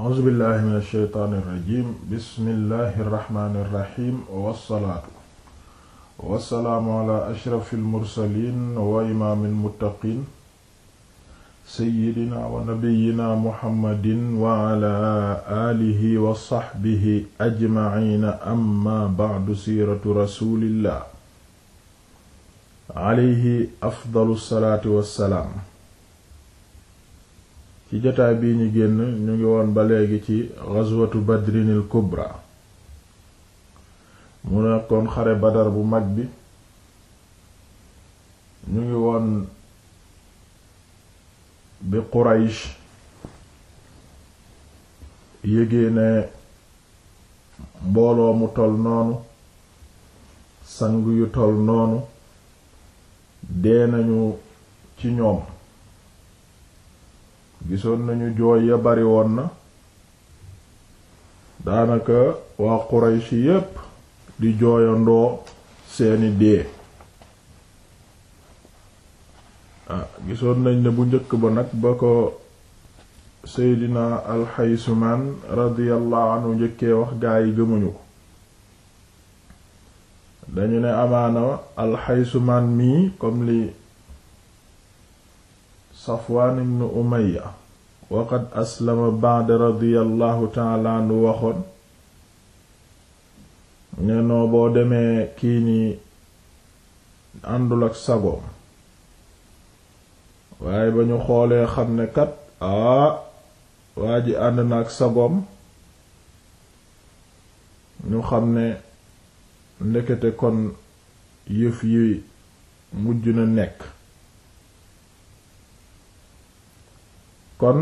a'uuzu billahi min alsheytaan irrajim bismillahi irrahmani irrahim wassalaatu wassalaamu ala ashrafi almursalin wa imaami almuttaqiin seyyidina wa nabiyina muhammadin wa ala aalihi wa saxbihi ajmaciina amma bacdu siiratu rasulillah alayhi afdalu salaatu wassalaam ci jotaay bii ñu génn ñu ngi woon ba léegi ci ghazwatu badrinil kubra mu nekkoon xare badar bu mag bi ñu ngi woon bi quraysh yégée ne mbooloo mu tol noonu sang yu tol noonu dee nañu ci ñoom gisoon nañu jooy ya bari woon na daanaka waa Quraysh yépp di jooyandoo seeni dee ah, gisoon nañ ne bu njëkk ba nag ba ko Seydina Alxaysumaan radiyallahu anhu njëkkee wax gaa yi gëmuñu ko dañu ne amaana Alxaysumaan mii comme li Safwaan ibn Umayya waqad aslama ba'da radiyallahu ta'ala anhu waxoon nenoo boo demee kii ni àndul ak sagoom waaye ba ñu xoolee xam ne kat aa waa ji ànd na ak sagoom ñu xam ne ndekete kon yëf yi mujj na nekk kon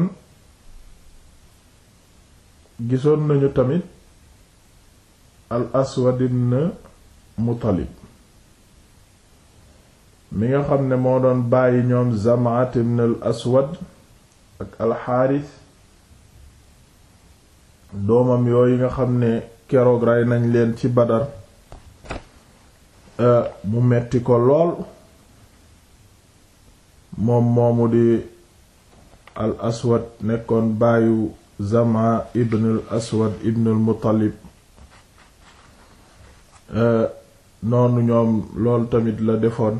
gisoon nañu tamit al aswad ibn mi nga xam ne moo doon bàyyi ñoom zamaat ibn al aswad ak al xaaris doomam yooyu nga xam ne keroog rey nañ leen ci badar euh, mu metti ko lool moom moomu di al aswad nekkoon baayu zama ibnul aswad ibnul muttalib eh, noonu ñoom loolu tamit la defoon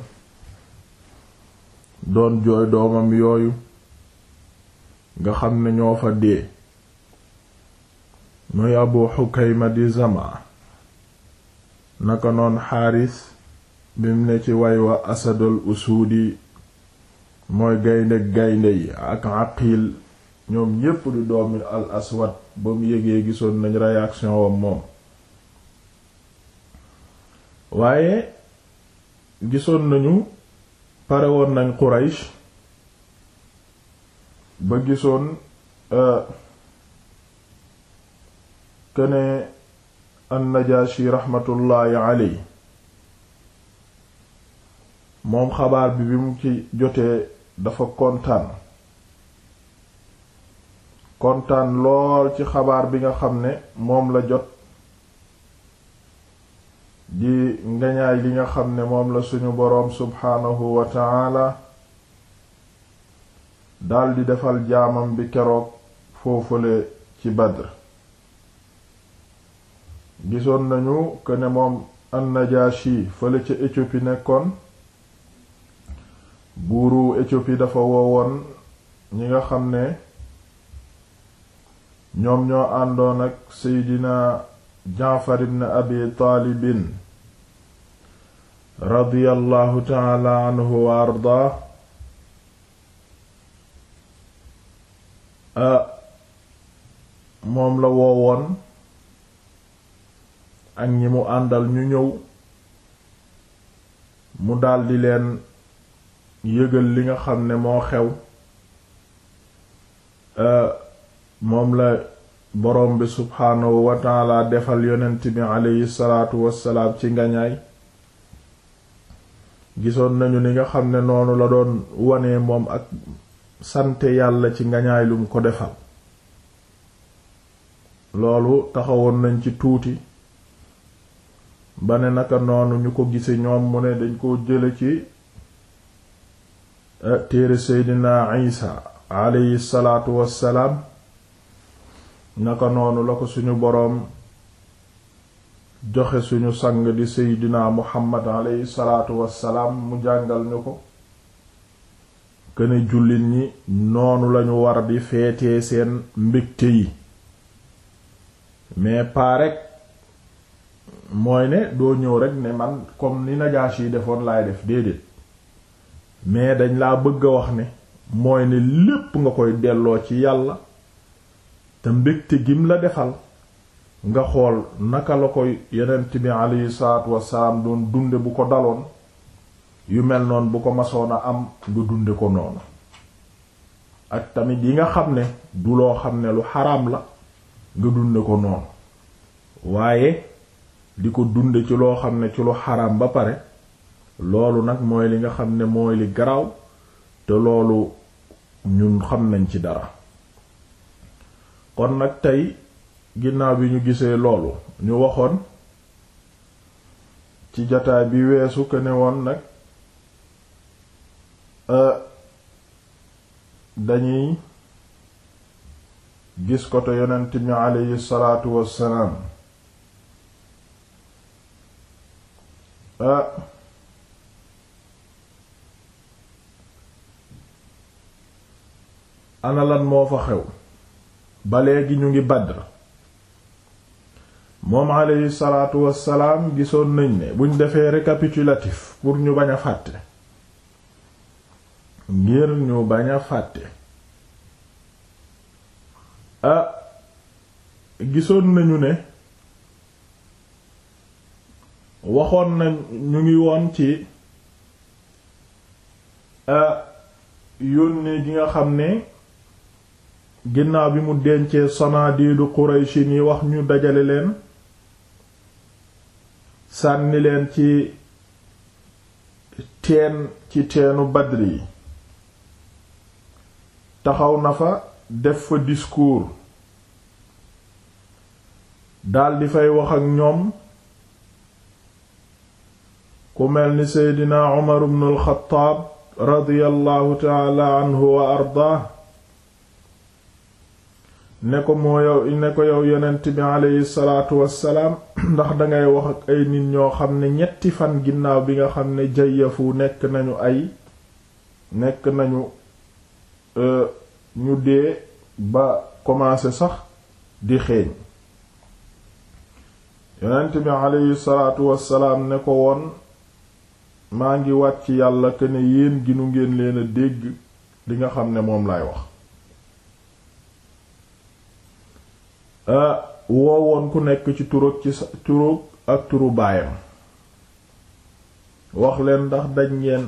doon jooy doomam yooyu nga xam ne ñoo fa dee muy abu xukayma di zama naka noon xaaris bim ne ci way wa asadul usuudi mooy gaynde gaynde yi ak aqil ñoom ñépp di doomi al aswad ba mu yégee gisoon nañ réaction wam moom waaye gisoon nañu pare woon nañ Quraysh ba gisoon kene euh, an-Najaashi raxmatullaahi aley moom xabaar bi bi mu ci jotee dafa kontaan kontaan lool ci xabaar bi nga xam ne moom la jot di ngañaay li nga xam ne moom la suñu boroom subhaanahu wa ta'ala daldi defal jaamam bi keroog foofule ci Badr gisoon nañu ko ne moom an-Najaashi fële ca Éthiopie nekkoon buuru Éthiopie dafa woowoon ñi nga xam ne ñoom ñoo àndoon ak seydina Jaafar ibn Abi Taalibin radiyallahu taala anhu wa ardaa moom la woowoon ak ñi mu àndal ñu ñëw mu daldi leen yëgal li nga xam ne moo xew euh, moom la boroom bi subhaanahu wa defal yonent bi aleyhi salaatu wassalaam ci ngañaay gisoon nañu ni nga xam ne noonu la doon wane moom ak sante yàlla ci ngañaay lum ko defal loolu taxawoon nañ ci tuuti ba ne naka noonu ñu ko gise ñoom mu ne dañ koo jële ci Eh, téere seydina isa aleyhi salaatu wassalaam naka noonu la ko suñu boroom joxe suñu sang di seydina muhammad aleyhi salaatu wassalaam mu jàngal ñu ko këne jullit ñi noonu lañu war bi feetee seen mbégte yi mais pas mooy ne doo ñëw rek ne man comme ni Najaasi yi defoon laay def déedéet mais dañ laa bëgg a wax ne mooy ne lépp nga koy delloo ci yàlla te mbégte gim la defal nga xool naka la koy yonent bi aleyhi salaatu wasalaam doon dunde bu ko daloon yu mel noon bu ko masoon a am nga dunde ko noonu ak tamit yi nga xam ne du loo xam ne lu xaraam la nga dunde ko noonu waaye di ko dunde ci loo xam ne ci lu xaraam ba pare loolu nag mooy li nga xam ne mooy li garaaw te loolu ñu xam nañ ci dara kon nag tey ginnaaw bi ñu gisee loolu ñu waxoon ci jataay bi weesu ko ne woon nag euh, dañuy gis ko te yonent mi aleyhi salaatu ana lan moo fa xew ba léegi ñu ngi Badr moom aleyhi salaatu wassalaam gisoon nañ ne buñ defee récapitulatif pour ñu bañ a fàtte ngir ñu bañ fàtte ah gisoon nañu ne waxoon na ñu ngi woon ci ah yónnee gi nga xam ne ginnaaw bi mu dencee sanaadiidu Qurayshi ni wax ñu dajale leen sànni leen ci teen ci teenu Badri yi taxaw na fa def fa discours daldi fay wax ak ñoom ku mel ni Seydina Umar ibn al-Khattab radiyallahu ta'ala anhu ardaa ne ko moo yow ne ko yow yonent bi aleyhi salaatu wassalaam ndax dangay wax ak ay nit ñoo xam ne ñetti fan ginnaaw bi nga xam ne jayyafu nekk nañu ay nekk nañu e, ñu dee ba commencé sax di xeeñ yonent bi aleyhi salaatu wassalaam ne ko woon maa ngi wàcc yàlla que ne yéen ginu ngeen leen dégg li nga xam ne moom lay wax Euh, woowoon ku nekk ci turóog ci turóog ak turu baayam wax ndax daj ngeen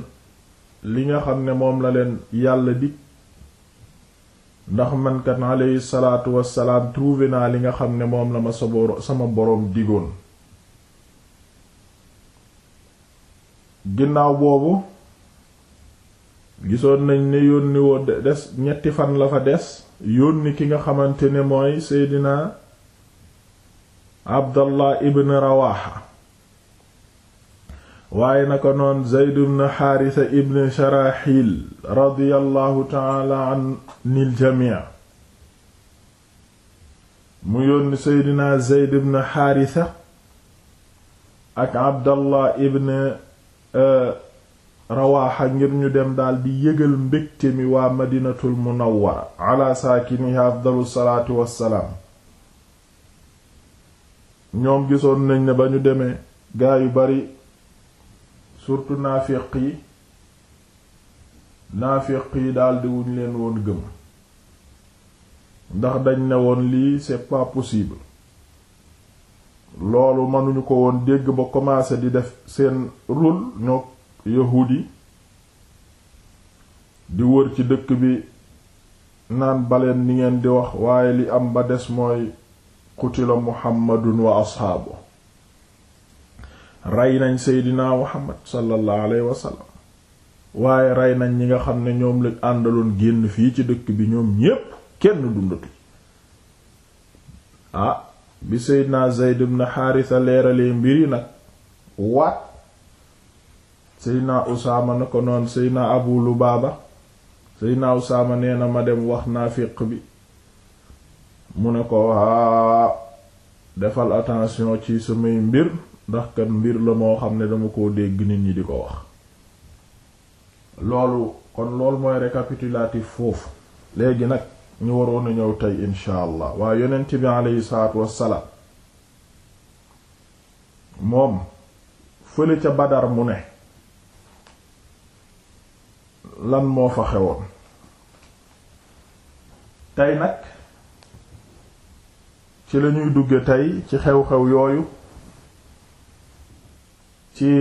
li nga xam ne moom la leen yàlla dig ndax mankat alayhi salaatu wassalaam trouvé naa li nga xam ne moom la sama boroom digoon ginnaaw boobu gisoon nañ ne yónni woo des ñetti fan la fa des yónni ki nga xamante ne mooy seydina abdallah ibn rawaxa waaye naka noon zeyd ibn xaarisa ibn sharaxil radiyallahu taala an nil jamii mu yónni seydina zeyd xaarisa ak abdallah ibn eh, rawaaxa ngir ñu dem daal di yëgal mbégte mi waa madinatul munawwara ala saakini afdalu salaatu wassalaam ñoom gisoon nañ ne ba ñu demee gaa yu bari surtout naafiq yi naafiq yi daldi leen woon gëm ndax dañ ne woon lii c'est pas possible loolu mënuñu ko woon dégg ba commencé di def seen rôle ñoo yahuud di wër ci dëkk bi naan baleen ni ngeen di wax waaye li am ba des mooy qutila muhammadun wa asxaabu rey nañ seydinaa muhammad sallallahu alayhi wa sallam waaye rey nañ ñi nga xam ne ñoom lañ àndaloon génn fii ci dëkk bi ñoom ñépp kenn dundatu ah bi seydinaa zeyd ibn xaarisa leeralee mbir yi nag waat seydna usaama na ko noon seydna abu lu lubaaba seydna usaama nee na ma dem wax naafiq bi mu ne ko aa defal attention ci samay mbir ndax kat mbir la moo xam ne dama ko dégg nit ñi di ko wax loolu kon loolu mooy récapitulatif foofu léegi nag ñu waroon a ñëw tey incha allah waaye yonent bi aleyhi salaatu wassalaam moom fële ca badar mu ne lan moo fa xewoon tey nag ci lañuy dugge tey ci xew-xew yooyu ci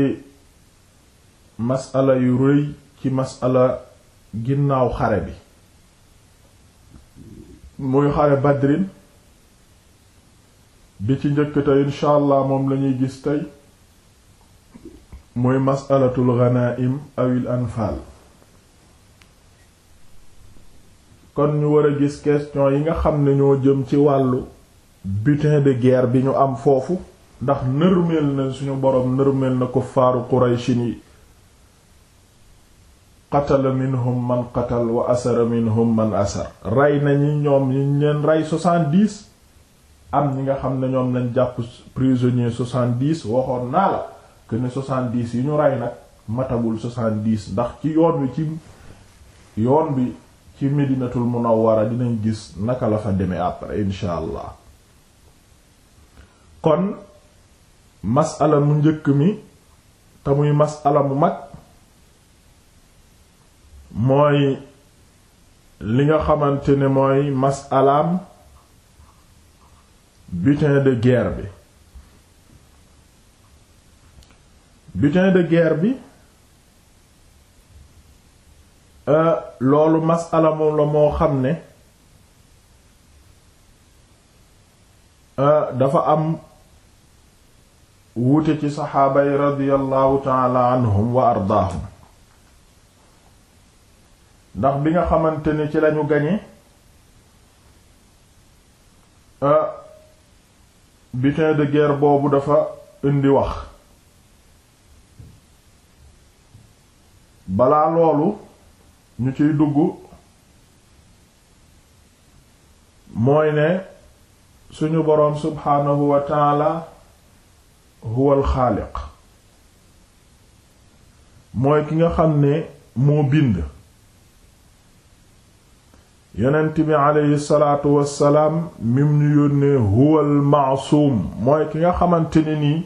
masala yu rëy ci masala ginnaaw xare bi muy xare badrin bi ci njëkk tey moom lañuy gis tey muy masalatul ghanaim awil anfal kon ñu war a gis question yi nga xam ne ñoo jëm ci wàllu butin de guerre bi ñu am foofu ndax nërmeel na suñu boroom nërmeel na kuffaaru qurayshin yi qatala minhum man qatal wa asara minhum man asar rey nañu ñoom ñu leen rey soixante-dix am ñi nga xam ne ñoom lañ jàpp prisonnier soixante-dix waxoon naa la que ne soixante yi ñu rey nag matagul soixante ndax ci yoon wi ci yoon bi ci medinatul munawwara dinañ gis naka la fa demee après insha allah kon masala mu njëkk mi te muy masala mu mag mooy li nga xamante ne mooy masalaam butin de guerre butin de guerre bi Euh, loolu masala moom la moo xam ne euh, dafa am wuute ci saxaabay yi radiyallahu taala anhum wa ardaahum ndax bi nga xamante ni ci lañu gañe euh, butin de boobu dafa indi wax balaa loolu ñu ciy dugg mooy ne suñu boroom subhaanahu wa taala huwal xaaliq mooy ki nga xam ne moo bind yonent bi aleyhi salaatu wassalaam mim ñu yónnee huwal maasuum mooy ki nga xamante ne nii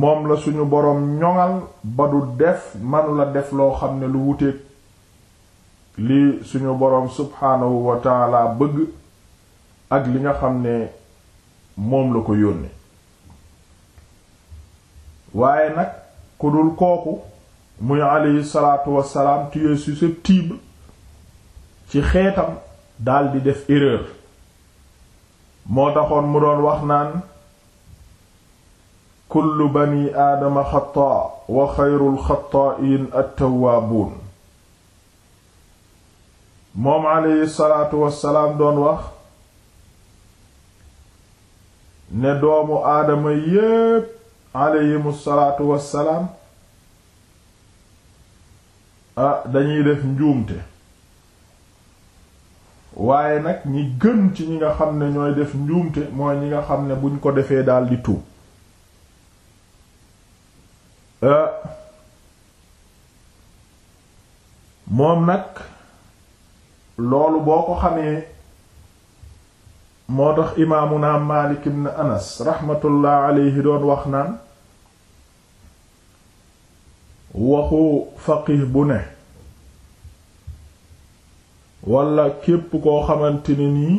moom la suñu boroom ñoŋal ba du def manu def loo xam ne lu wuteeg li suñu boroom subhaanahu wa taala bëgg ak li nga xam ne moom la ko yónnee waaye nag ku dul kooku muy alayhi salaatu wassalaam tu es susceptible ci xeetam daldi def erreur moo taxoon mu doon wax naan kullu bani aadama xataa wa xayrul xataa'iin at-tawwaabuun moom aleyhi salaatu wassalaam doon wax ne doomu aadama yépp aleyhimu salaatu wassalaam ah dañuy def njuumte waaye nag ñi gën ci ñi nga xam ne ñooy def njuumte mooy ñi nga xam ne buñ ko defee daldi tuub moom nag loolu boo ko xamee moo tax imaamuna Maalik na Anas raxmatullah alayhi doon wax naan waxu faqih bu ne walla képp koo xamante ne nii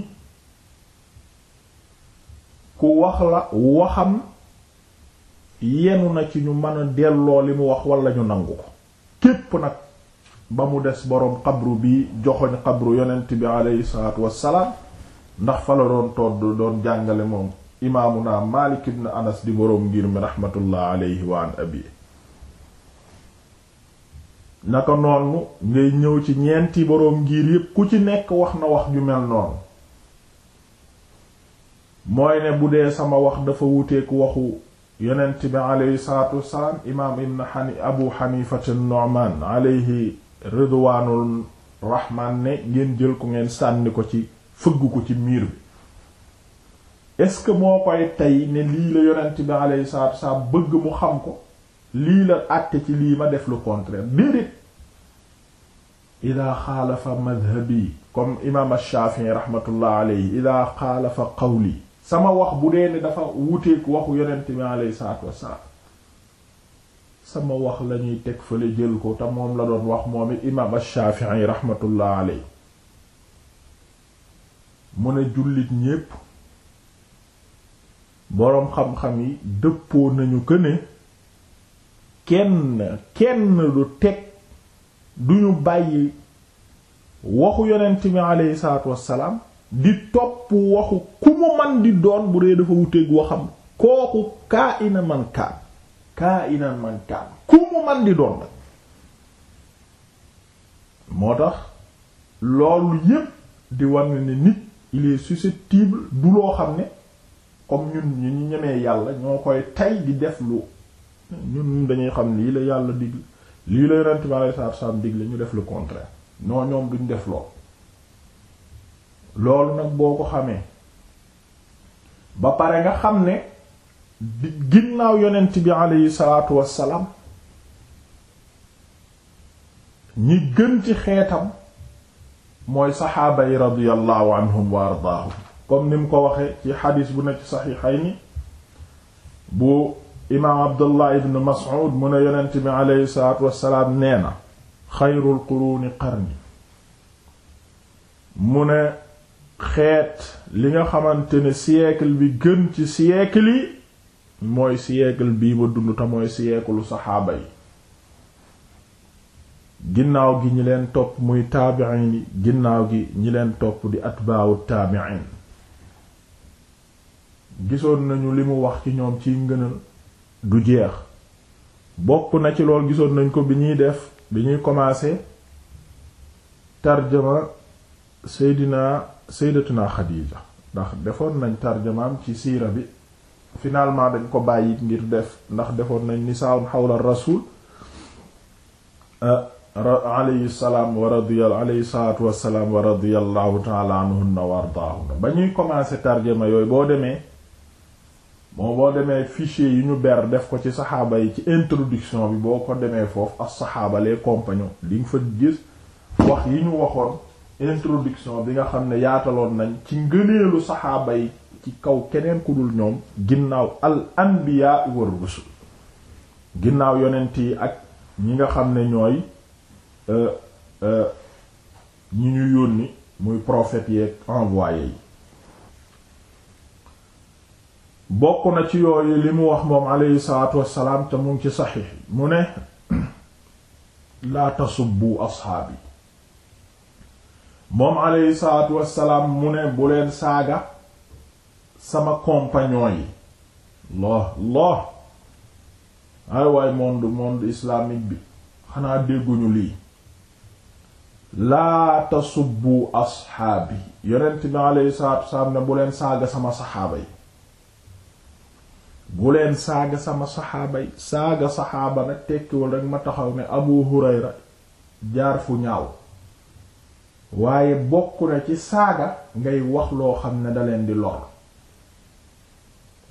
ku wax la waxam yenu na ci ñu mën a delloo li mu wax walla ñu nangu ko képp nag ba mu des boroom xabru bi joxoñ xabru yonent bi aleyhi salaatu wassalaam ndax fa la doon todd doon jàngale moom imaamuna Maalik ibn Anas di boroom ngir mi raxmatullah aleyhi wa an abi naka noonu ngay ñëw ci ñeenti boroom ngir yépp ku ci nekk wax na wax ju mel noonu mooy ne bu dee sama wax dafa wuteek waxu yonent bi aleyhi salaatu wassalaam imaam ibn Abu Haniifa an-Nu'maan ridwaanul rahman ne ngeen jël ko ngeen sànni ko ci fëgg ko ci miir bi est-ce que moo koy tey ne lii la yonent bi alayhi salaatu wasalaam bëgg mu xam ko lii la àtte ci lii ma def lu contraire déedéet ida xaalafa madhabi comme imaam Shaafi'i rahmatullah alayhi ida qawli sama wax bu dee ne dafa wuteek waxu yonent bi alayhi salaatu wasalaam sama wax lañuy teg fale jël ko te moom la doon wax moom it imaam ash-Shafi'i rahmatullah alayhi mu ne jullit ñépp boroom xam-xam yi dëppoo nañu que ne kenn kenn du teg duñu bàyyi waxu yonent bi aleyhi salaatu wassalaam di topp waxu ku mu man di doon bu dee dafa wuteeg waxam kooku kaa ina man kaa kaa inan man kaan ku mu man di doon nag moo tax loolu yépp di wan ni nit il est susceptible du loo xam ne comme ñun ñu ñu ñemee yàlla ñoo koy tay di def lu ñun dañuy xam lii la yàlla digle lii la yonent bi alayhi salaatu salaam digle ñu def le contraire non ñoom duñ def lool loolu nag boo ko xamee ba pare nga xam ne ginnaaw yonent bi aleyhi salaatu wassalaam ñi gën ci xeetam mooy saxaaba yi radiyallahu anhum wa ardaahum comme ni mu ko waxee ci xadiis bu nekk ci saxiixayni bu imaam abdullah ibn mas'ud mu ne yonent bi aleyhi salaatu wassalaam nee na xayrul quruuni qarni mu ne xeet li nga xamante ni siècle bi gën ci siècle mooy siècle bii ba dund te mooy siècle saxaaba yi ginnaaw gi ñi leen topp muy taabi'in ginnaaw gi ñi leen topp di atbaawu taabi'in gisoon nañu li mu wax ci ñoom ciy ngënal du jeex bokk na ci lool gisoon nañ ko bi ñuy def bi ñuy commencer tarjama seydinaa seydatuna xadiija ndax defoon nañ tarjamaam ci siira bi finalement dañ ko bàyyi ngir def ndax defoon nañ nisaa'un xawla rasul eh, alayhi salaam wa radiya alayhi salaatu wassalaam wa radiyallahu ta'ala anhunna wa ba ñuy commencer tarjuma yooyu boo demee moo boo demee fichier yu ñu ber def ko ci saxaaba yi ci introduction bi boo ko demee foofu as saxaaba les compagnons li nga fa gis wax yi ñu waxoon introduction bi nga xam ne yaataloon nañ ci ngëneelu saxaaba yi ci kaw keneen ku dul ñoom ginnaaw al anbiya war rusul ginnaaw yonent yi ak ñi nga xam ne ñooy euh, euh, ñi ñu yónni muy prophètes yeeg envoyé yi bokk na ci yooyu li mu wax moom aleyhi salaatu wassalaam te mu ngi ci saxiix mu ne laa tasubbu asxaabi moom aleyhi salaatu wassalaam mu ne bu leen saaga sama compagnon yi Allah Allah ay waay monde monde islamique bi xanaa dégguñu lii laa tasubbu asxaabi yonent bi alayhi salaatu wasalaam ne bu leen saaga sama saxaaba yi saaga sama saxaaba yi saaga nag tekkiwul rek ma taxaw ne Abu Hurayra jaar fu ñaaw waaye bokk na ci saaga ngay wax loo xam ne da leen di lor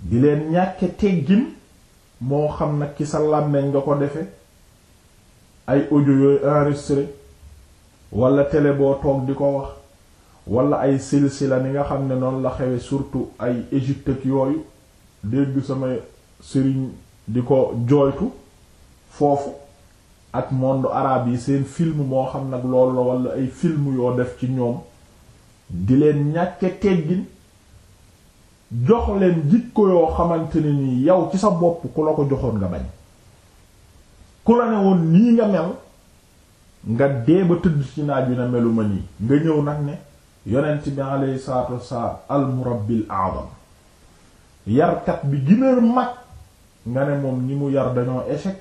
di leen ñàkke teggin moo xam nag ci sa làmmeñ nga ko defe ay audio yooyu enregistré wala télé boo toog di ko wax wala ay silsila ni nga xam ne noonu la xewee surtout ay Égypte ak yooyu dégg sama sëriñ di ko jooytu foofu ak monde arabe yi seen film moo xam nag loolu la wala ay film yoo def ci ñoom di leen ñàkke teggin jox leen jikko yoo xamante ne yow ci sa bopp ku la ko joxoon nga bañ ku la ne woon nii nga mel nga dee ba tëdd ci naaj wi na meluma nii nga ñëw nag ne yonent bi alayhi salaatu wassalaam al murabbil yarkat bi gënal mag nga ne moom ñi mu yar dañoo échec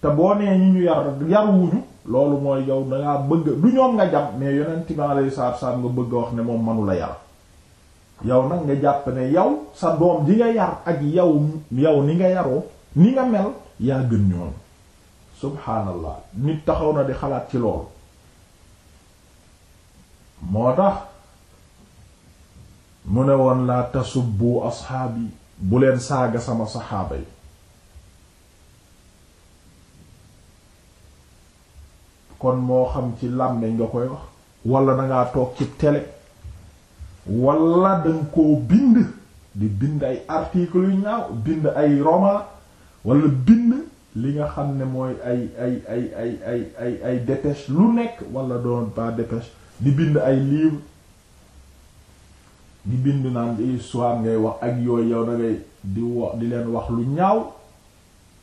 te boo nee ñi ñu yar yar wuñu loolu mooy yow dangaa bëgg du ñoom nga jam mais yonent bi alayhi salaatu wassalaam nga bëgg a wax ne moom manula yar yow nag nga jàpp ne yow sa doom ji nga yar ak yow yow ni nga yaroo ni nga mel yaa gën ñoom subhaanallah nit taxaw na di xalaat ci loolu moo tax mu ne woon laa tasubbu asxaabi bu leen saaga sama saxaaba yi kon moo xam ci làmmeñ nga koy wax wala dangaa toog ci télé wala danga koo bind di bind ay articles yu ñaaw bind ay roman wala bind li nga xam ne mooy ay ay ay ay ay ay lu nekk wala doon pas dépêche di bind ay livre di bind naan di histoire ngay wax ak yooyu yow da di wax di leen wax lu ñaaw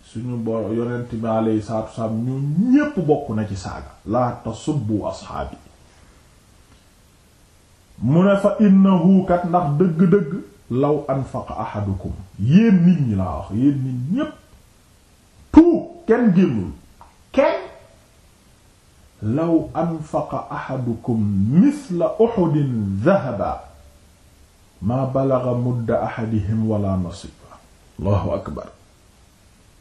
suñu bo yonent bi alayhi salaatu ñu ñépp bokk na ci saaga laa tasubbu asxaabi mu ne fa innahu kat ndax dëgg-dëgg law anfaqa ahadukum yéen nit ñi laa wax yéen nit ñépp tout kenn génnul kenn law anfaqa ahadukum misla uhudin dhahaba maa balaga mudda ahadihim wala nasiba allahu akbar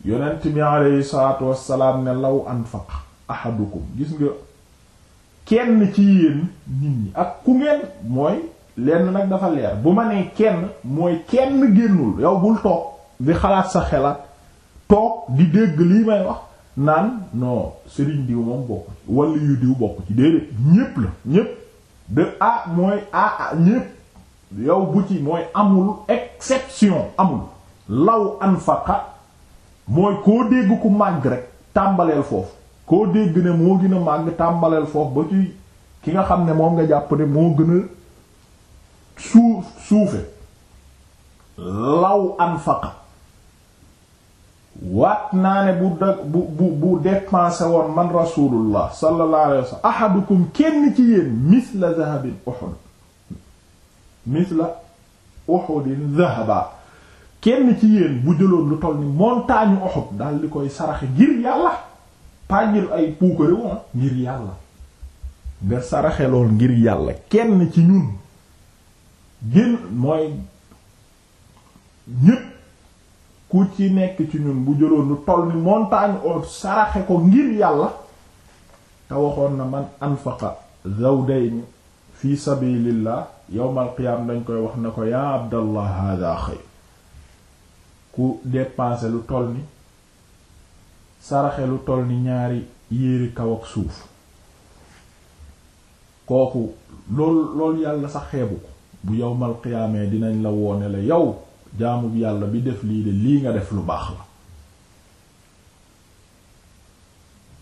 yonent mi aleyhi salaatu wassalaam ne law anfaqa ahadukum gis nga kenn ci yéen nit ñi ak ku ngeen mooy lenn nag dafa leer bu ma nee kenn mooy kenn génnul yow bul toog di xalaat sa xelaat toog di dégg lii may wax naan non Serigne diw moom bokk ci yu diw bokk déedéet ñépp la ñépp de a mooy a ñépp yow bu ci mooy amul exception amul law anfaqa mooy koo dégg ku màgg rek tàmbaleel foofu koo dégg ne moo gën a màgg tàmbaleel foofu ba ci ki nga xam ne moom nga jàpp ne moo gën a suufe law anfaqa waat naa ne bu da bu bu bu woon man rasulullah sallallahu alayhi wasallam ahadukum kenn ci yéen misla dahabin uhud misla uhudin dahaba kenn ci yéen bu jëloon lu toll ni montagne uhud daal di koy saraxe ngir yàlla pas ay puukare woon ngir yàlla nga saraxe ngir yàlla kenn ci ñun gën mooy ñépp ku ci nekk ci ñun bu jëloon lu toll ni montagne oo saraxe ko ngir yàlla te waxoon na man anfaqa zawdayn fi sabilillah yawmal qiyam dañ koy wax na ko yaa abdallah hada xayr ku dépenser lu toll ni saraxe lu toll ni ñaari yéeri kaw ak suuf kooku loolu loolu yàlla sax xeebu ko bu yowmal qiyaamee dinañ la woone la yow jaamu yàlla bi def lii de lii nga def lu baax la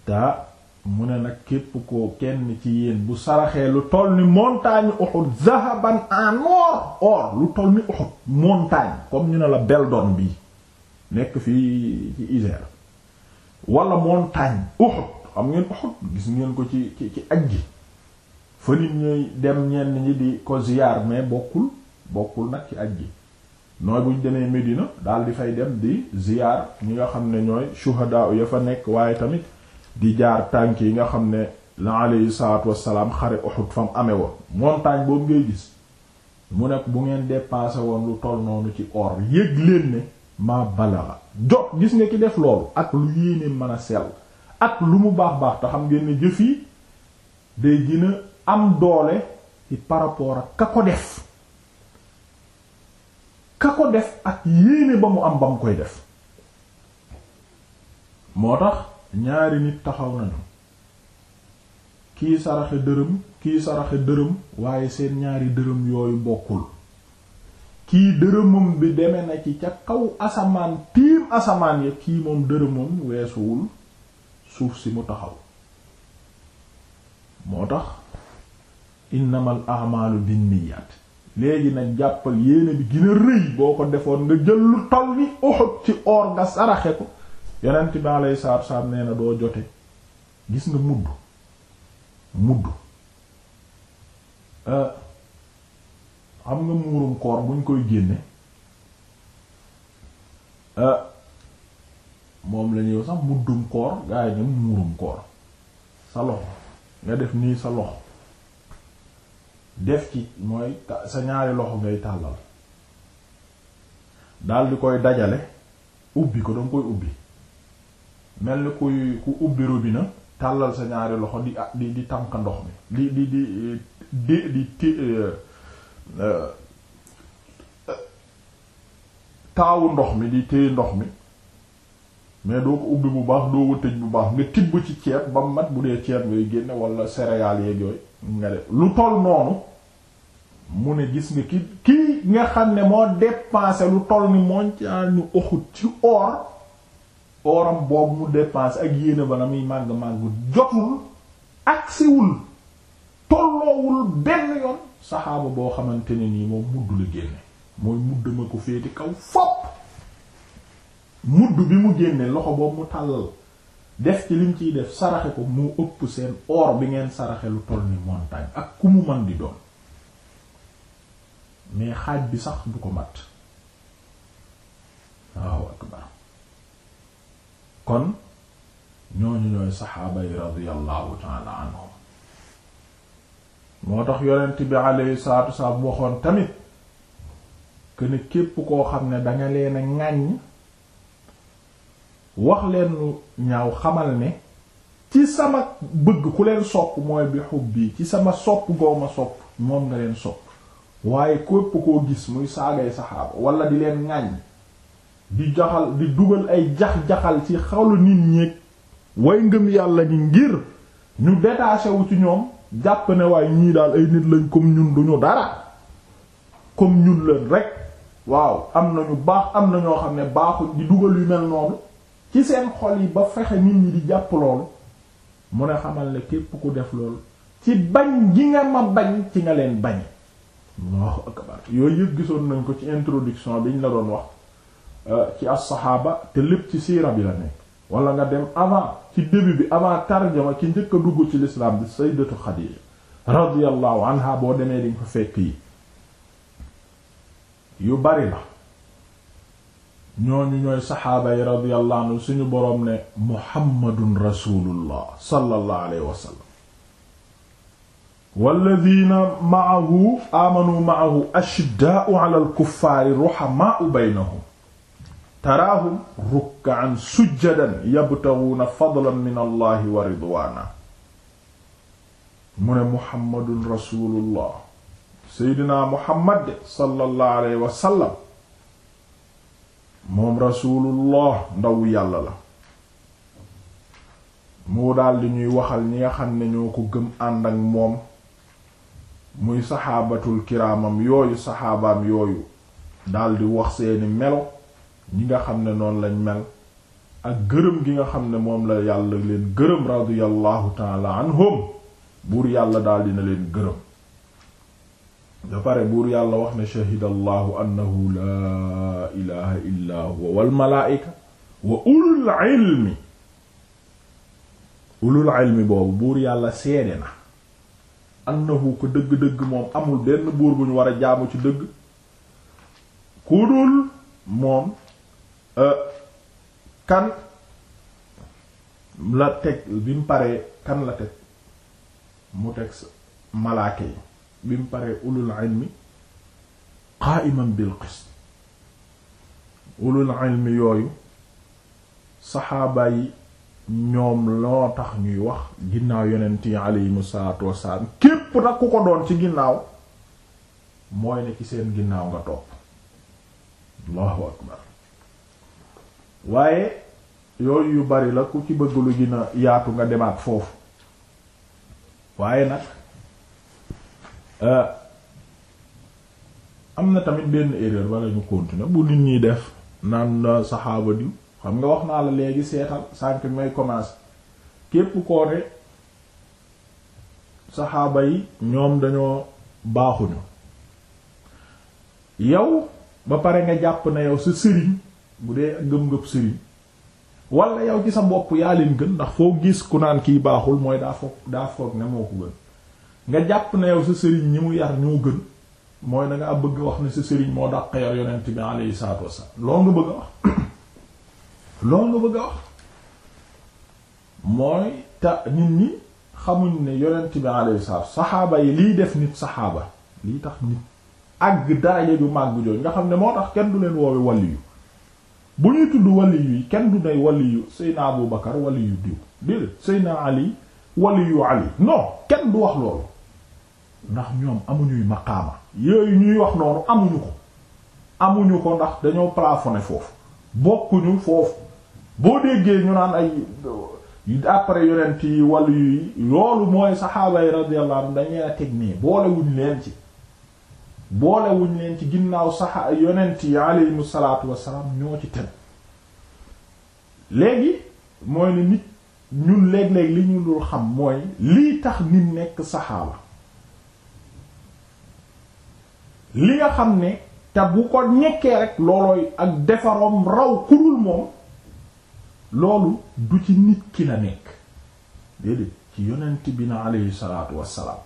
daa mu ne nag képp ko kenn ci yéen bu saraxee lu toll ni montagne Uhud zahaban en or lu toll ni Uhud montagne comme ñu ne la Beldon bi nekk fii ci Isère wala montagne Uhud xam ngeen Uhud gis ngeen ko ci ci ci aj gi fëlit ñuy dem ñenn ñi di ko ziyaar mais bokkul bokkul nag ci aj gi nooy buñ demee Medina daal di fay dem di ziyaar ñi nga xam ne ñooy shuhadaa ya fa nekk waaye tamit di jaar tànk yi nga xam ne la alayhi salaatu wassalaam xare Uhud fam amee woon montagne boobu ngay gis mu nekk bu ngeen dépassé woon lu toll noonu ci or yëg leen ne ma balaxa jot gis nga ki def loolu ak lu yéenéem mën a sell ak lu mu baax baax te xam ngeen ne jëf yi day gën am doole ci par rapport ak ka ko def ka ko def ak yéene ba mu am ba mu koy def moo tax ñaari nit taxaw nañu kii saraxe dërëm kii saraxe dërëm waaye seen ñaari dërëm yooyu bokkul kii dërëmam bi deme na ci ca kaw asamaan tiim asamaan ya kii moom dërëmam weesuwul suuf si mu taxaw moo tax innamal a'malu binniyat léegi nag jàppal yéene bi gën a rëy boo ko defoon nga jël lu toll ni Uhud ci or nga saraxe ko yonent bi alayhi salaatu wassalaam nee na doo jote gis nga mudd mudd euh, xam nga muurum koor bu ñu koy génne moom la ñuy sax muddum koor gaa yi ñoom muurum koor sa loxo nga def nii sa loxo def ci mooy sa ñaari loxo ngay tàllal dal di koy dajale ubbi ko danga koy ubbi mel ni kuy ku ubbi robinet tàllal sa ñaari loxo di di di ndox mi di di di di di Euh, taawu ndox mi di téye ndox mi mais doo ko ubbi bu baax doo ko bu baax nga tibb ci ceeb ba mat bu dee ceeb ngay génne wala céréales yeeg yooyu nga def lu toll noonu mu ne gis nga ki kii nga xam ne moo dépensé lu toll ni montagne Uhud ci or oram boobu mu dépensé ak yéene ba na muy màgg màgg jotul agsiwul tolloowul benn yoon saxaaba boo xamante ne nii moom mudd la génne mooy mudd ma ko féete kaw fopp mudd bi mu génne loxo boobu mu tàllal def ci lim ciy def saraxe ko mu ëpp seen or bi ngeen saraxe lu toll ni montagne ak ku mu man di doon mais xaaj bi sax du ko matt waaw akbar kon ñooñu ñooy saxaaba yi radiyallahu ta'ala anhu moo tax yonent bi alayhi salaatu wasalaam waxoon tamit ne képp koo xam ne danga leen a ŋàññ wax leen ñaaw xamal ne ci sama bëgg ku leen sopp mooy bi xub bii ci sama sopp goo ma sopp moom nga leen sopp waaye képp koo gis muy saagay saxaaba wala di leen ŋàññ di jaxal di dugal ay jax-jaxal ci xawlu nit ñéeg way ngëm yàlla ñi ngir ñu detaasewu ci ñoom jàpp ne waaye ñii daal ay nit lañ comme ñun duñu dara comme ñun leen rek waaw am na ñu baax am na ñoo xam ne baaxul di dugal yu mel noonu ci seen xol yi ba fexe nit ñi di jàpp loolu mu ne xamal ne képp ku def loolu ci bañ gi nga ma bañ ci nga leen bañ Allahu akbar yooyu yëpp gisoon nañ ko ci introduction biñ la doon wax euh, ci as te lépp ci siira bi la nekk wala nga dem avant ci début bi avant tarjama ci njëkk a dugg ci l'islam di sayyidatu Xadiija radiyallahu anha boo demee di nga ko fekk yi yu bari la ñooñu ñooy saxaaba yi radiyallahu anhu suñu boroom ne muhammadun rasulullah sallallahu alayhi wa sallam walladina ma'ahu amanu ma'ahu ashiddaa'u ala al-kuffaari ruhamaa'u baynahum taraahum rukkaan sujjadan yabtaxuuna fadlan min allahi wa ridwaana mu ne muhammadun rasulullah seydinaa muhammad sallallahu alayhi wa sallam moom rasulullah ndaw yàlla la mu daldi ñuy waxal ñi xam ne ñoo ko gëm ànd ak moom muy saxaabatul kiraamam yooyu saxaabaam yooyu daldi wax seeni melo ñi nga xam ne noonu lañ mel ak gërëm gi nga xam ne moom la yàlla leen gërëm radiyallahu taala anhum buur yàlla daal dina leen gërëm da buur yàlla wax na shahida allahu annahu laa ilaha illa huwa wal malaa'ika wa ulul ilmi ulul ilmi boobu buur yàlla seede na annahu ko dëgg-dëgg moom amul benn buur bu ñu war a jaamu ci dëgg ku dul moom Euh, kan la teg bi mu paree kan la teg mu teg malaaka yi bi mu paree ulul ilmi qa'iman bil qist ulul ilmi yooyu saxaaba yi ñoom loo tax ñuy wax ginnaaw yonent yi mu salaatu wassalaam képp nag ku ko doon ci ginnaaw mooy ne ci seen ginnaaw nga topp allahu akbar waaye yooyu yu bari la ku ci bëgg lu gina yaatu nga demaat foofu waaye nag eh, am na tamit benn erreur wala ñu continuer bu nit ñi def naan na saxaaba diw xam nga wax naa la léegi seetal sànq may commencer képp koo saxaaba yi ñoom dañoo baaxuñu yow ba pare nga jàpp na yow sa sëriñ bu dee ngëm-ngëm sëriñ wala yow ci sa bopp yaa leen gën ndax foo gis ku naan kii baaxul mooy daa foog daa foog ne moo ko gën nga jàpp na yow sa sëriñ ñi mu yar ñoo gën mooy da bëgg wax ne sa sëriñ moo dàq yar yonent bi alayhi salaatu wasalaam loo nga bëgg a wax loo nga bëgg a wax mooy ta nit ñi xamuñ ne yonent bi alayhi salaatu saxaaba yi liy def nit saxaaba lii tax nit àgg daraja ju màgg jooju nga xam ne moo tax kenn du leen woowe wàlli yu bu ñuy tudd waliyu yi kenn du day waliyu Seydina Abu Bakar waliyu diw déedéet Seydina Ali waliyu Ali non kenn du wax loolu ndax ñoom amuñuy maqaama yooyu ñuy wax noonu amuñu ko amuñu ko ndax dañoo plafonné foofu bokkuñu foofu boo déggee ñu naan ay après yonent yi waliyu yi loolu mooy saxaaba yi radiyallahu anhum dañu la teg nii leen ci boolewuñ leen ci ginnaaw saxa yonent yi aleyhim salaatu wassalaam ñoo ci tegu léegi mooy ne nit ñu léeg-léeg li ñu dul xam mooy lii tax nit nekk saxaaba li nga xam ne te bu ko nekkee rek loolooy ak defaroom raw kurul moom loolu du ci nit ki la nekk déedéet ci yonent bi na aleyhi salaatu wassalaam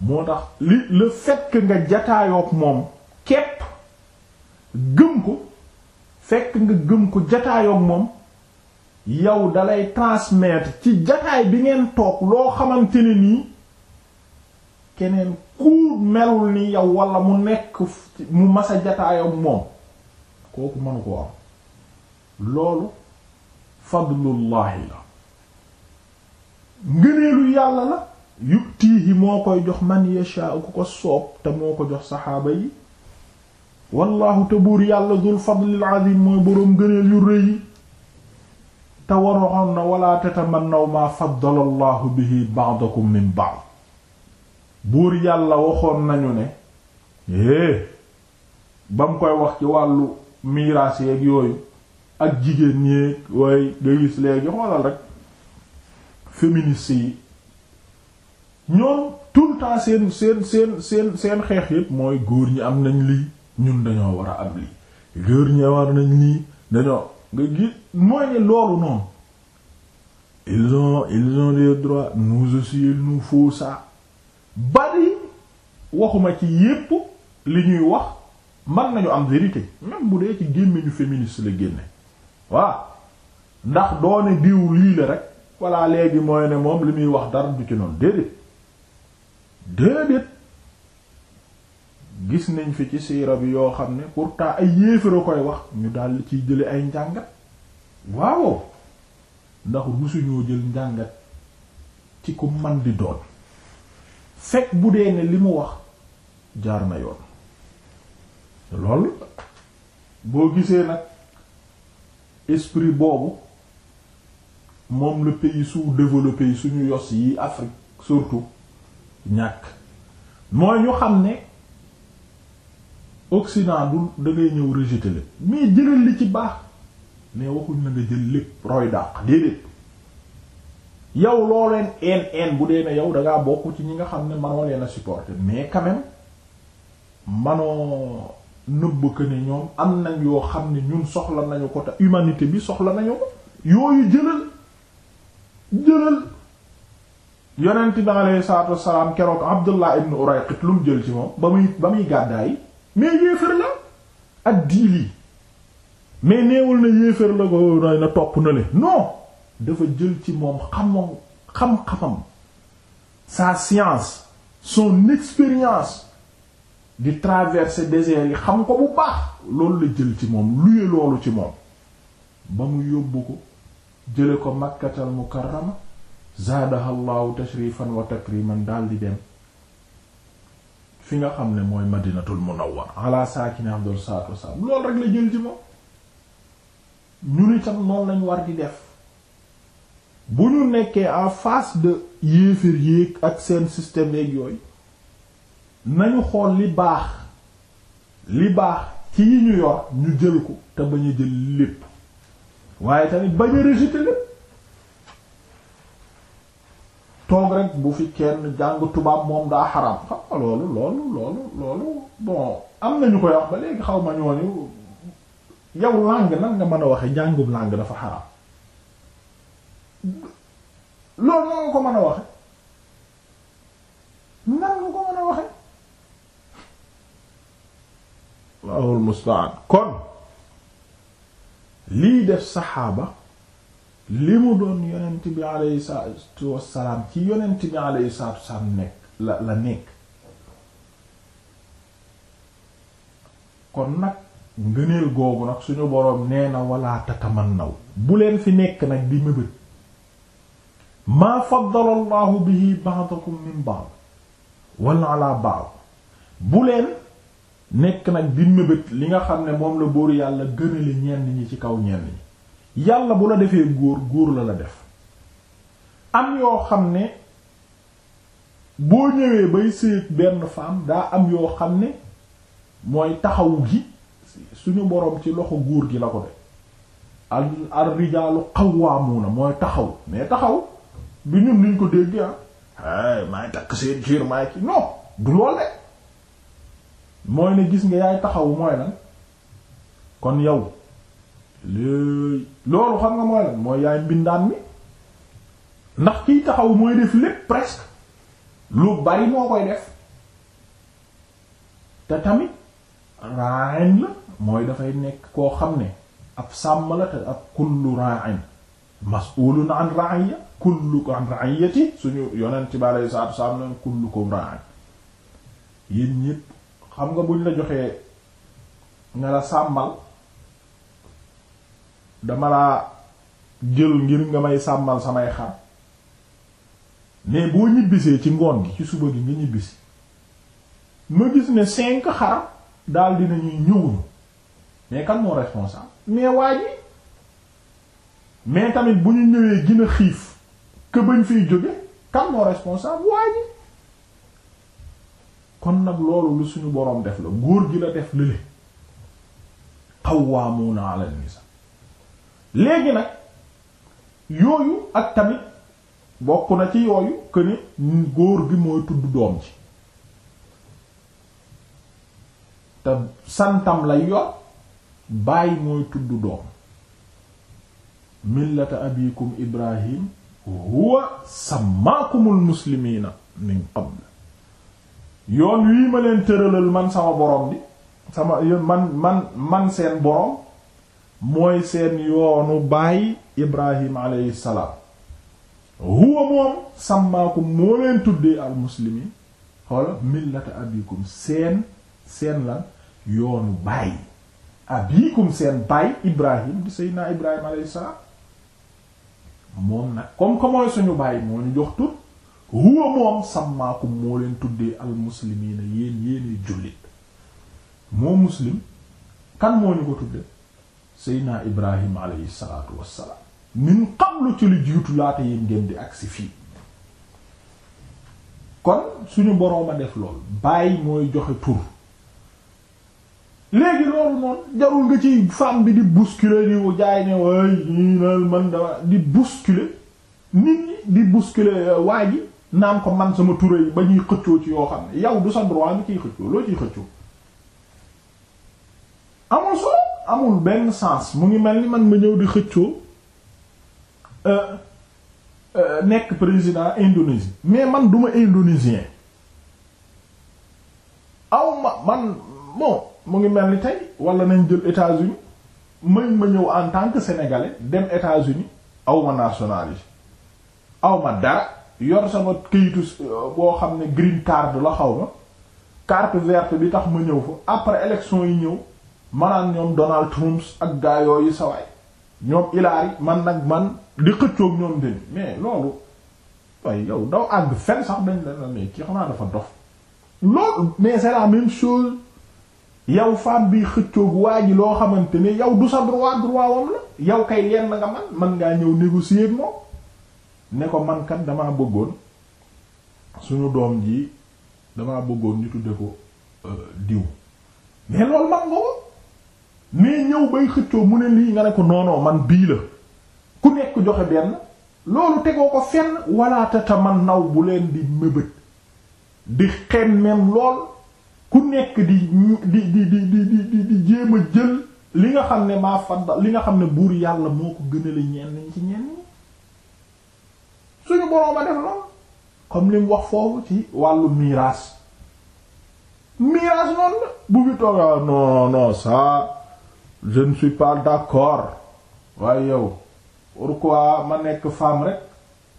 moo tax li le fait nga jataayook moom kepp gëm ko fekk nga gëm ko jataayook moom yow dalay transmettre ci jataay bi ngeen toog loo xamante ne nii keneen ku melul ni yow wala mu nekk mu masa jataayook moom kooku mënu ko am loolu fadlullahi la ngëneelu yàlla la yutiihi moo koy jox man yashaa ku ko soob te moo ko jox saxaaba yi wallahu te buur yàlla dul fadlil azim mooy boroom gëneel yu rëy yi te waroxoon na wala tatamannaw maa faddala allahu bihi ba'dakum min ba'd buur yàlla waxoon nañu ne é eh, ba mu koy wax ci wàllu miraas yeeg yooyu ak jigéen ñeeg waaye nga gis léegi xoolal rek féministes yi ñoom tout le temps seen seen seen seen seen xeex yépp mooy góor ñi am nañ lii ñun dañoo war a am lii góor ñi war nañ lii dañoo nga gis mooy ne loolu noonu ils ont ils ont des droits nous aussi il nous faut bari waxuma ci yépp li ñuy wax man nañu am vérité même bu dee ci gémmiñu féministe la génne waa ndax doone diw lii la rek voilà léegi mooy ne moom li muy wax dara du ci noonu déedéet déedéet gis nañ fi ci siira bi yoo xam ne pourtant ay yéefara koy wax ñu daldi ciy jële ay njàngat waaw ndax rusuñoo jël njàngat ci ku man di doon fekk bu dee ne li mu wax jaar na yoon lool boo gisee nag esprit boobu moom le pays sous-développé yi suñu yos yi Afrique surtout ñàkk mooy ñu xam ne Occident du da ngay ñëw rejeter mais jëlal li ci baax mais waxuñ na nga jël lépp roy dàq déedéet yow loo leen een een bu dee ne yow da ngaa bokk ci ñi nga xam ne manoo leen a supporter mais quand même manoo nëbb que ne ñoom am nañ yoo xam ne ñun soxla nañu ko te umanité bi soxla nañu ko yooyu jëlal jëlal. yonent bi aleyhi salaatu wassalaam keroog Abdullah ibn Urayqit lu mu jël ci moom ba muy ba muy gàddaay mais yéefar la ak diili mais neewul na yéefar la ko na topp na le non dafa jël ci moom xam xam-xamam sa science son expérience di traverser désert yi xam ko bu baax loolu la jël ci moom luye loolu ci moom ba mu yóbbu ko jële ko Makkatal Mukarrama zaadaha llahu tashrifan wa takriman daal di dem fi nga xam ne mooy madinatul munawwar ala saakini afdal salaatu wassalaam loolu rek la jël ci moom ñun itam noonu lañ war di def bu ñu nekkee en face de yéefir yéeg ak seen système yeeg yooyu nañu xool li baax li baax ci yi ñu yor ñu jël ko te bañ a jël lépp waaye tamit bañ a rejeter toog rek bu fi kenn jàng tubaab moom daa xaraam xam ah, nga loolu loolu loolu loolu bon am nañu koy wax ba léegi xaw ma ñooñu yow langue nan nga mën a waxe jàngum langue dafa xaraam loolu nan nga ko mën a waxe nan nga ko mën a waxe Allahul musta'an kon lii def saxaaba li mu doon yonent bi alayhi salaatu wassalaam ci yonent bi alayhi salaatu wassalaam nekk la la nekk kon nag ngëneel googu nag suñu boroom nee na wala tatamannaw bu leen fi nekk nag bi mëbët maa faddala allahu bihi ba'dakum min ba'd wala ala ba'd bu leen nekk nag bi mëbët li nga xam ne moom la bóoru yàlla gënale ñenn ñi ci kaw ñenn ñi yàlla bu la defee góor góor la la def am yoo xam ne boo ñëwee bay séet benn femme daa am yoo xam ne mooy taxawu gi suñu boroom ci loxo góor gi la ko def al al rijaalu qawwaamuuna mooy taxaw mais taxaw bi ñun niñ ko dégg ah ay maay takk seen jur maay ki non du loole mooy ne gis nga yaay taxaw mooy lan kon yow loolu xam nga mooy lan mooy yaay mbindaan mi ndax kiy taxaw mooy def lépp presque lu bari moo koy def te tamit ra'in la mooy dafay nekk koo xam ne ab sàmm la te ab kullu ra'in mas'ulun an ra'iya kullu an ra'iyati suñu yonent bi alayhi salaatu wassalaam lan kullukum xam nga buñ la joxee nga la sàmmal dama laa jël ngir nga may sàmmal samay xar mais boo ñibbisee ci ngoon gi ci suba gi nga ñibbisi ma gis ne cinq xar daal dinañuy ñëwuñu mais kan moo responsable mais waa ji mais tamit bu ñu ñëwee gën a xiif que bañ fiy jóge kan moo responsable waa ji kon nag loolu lu suñu boroom def la góor gi la def lële xawwaamuuna ala nisa léegi nag yooyu ak tamit bokk na ci yooyu que ni góor gi mooy tudd doom ji te santam lay yor bàyyi mooy tudd doom millata abikum ibrahim huwa samaakumul muslimiina min qabl yoon wii ma leen tëralal man sama borom bi sama man man man seen borom mooy seen yoonu baay ibrahim alayhi salaam huwa moom sàmmaakum moo leen tuddee al muslimiin xoola millata abikum seen seen lan yoonu baay abikum seen baay ibrahim di seydinaa ibrahim alayhi salaam moom nag comme que mooy suñu baay moo ñu jox tur huwa moom sàmmaakum moo leen tuddee al yéen yéenee jullit moo muslim kan moo ñu ko tuddee seydna ibrahim alayhi salaatu wassalaam min qablu ci lu jiitu laata yéen ngeen di agsi fii kon suñu boroom a def lool bàyyi mooy joxe tur léegi loolu noonu jarul nga ci femme bi di bousculer di jaay ne waay ñii naan man dama di bousculer nit ñi di bousculer euh, waa ji naan ko man sama ture yi ba ñuy xëccoo ci yoo xam ne yow du sa nga ciy xëccoo loo ciy xëccoo amul solo amul benn sens mu ngi mel ni man ma ñëw di xëccoo euh, euh, nekk président Indonésie mais man duma indonésien aw ma man bon mu ngi mel ni tey wala nañ jël États-Unis man ma ñëw en tant que sénégalais dem États-Unis aw ma nationalité aw dara yor sama këyitu euh, boo xam ne green card la xaw ma carte verte bi tax ma ñëw fa après élection yi ñëw manaan ñoom Donald Trump ak gaa yooyu sawaay ñoom Hillary man nag man di xëccoog ñoom den mais loolu waaye yow daw àgg fen sax dañ la mais ki xanaa dafa dof loolu mais c'est la même chose yow femme bi xëccoog waa ji loo xamante ne yow du sa droit droit wam la yow kay leen nga man man ngaa ñëw négocier ak moom ne ko man kat damaa bëggoon suñu doom ji damaa bëggoon ñu tudde ko euh, diw mais loolu man nga ko mais ñëw bay xëccoo mu ne lii nga ne ko noonoo man bii la ku nekk joxe benn loolu tegoo ko fenn wala tatamannaw bu leen di mëbët di lool ku nekk di di di di di a jël li nga xam ne maa li nga xam ne buur yàlla moo ko gënale ñenn ñi ci ñenn ñi suñu boroom a def lool comme lim wax foofu ci wàllu miraas miraas noonu la bu fi tooga ah, non non je ne suis pas d'accord waaye yow pourquoi ma nekk femme rek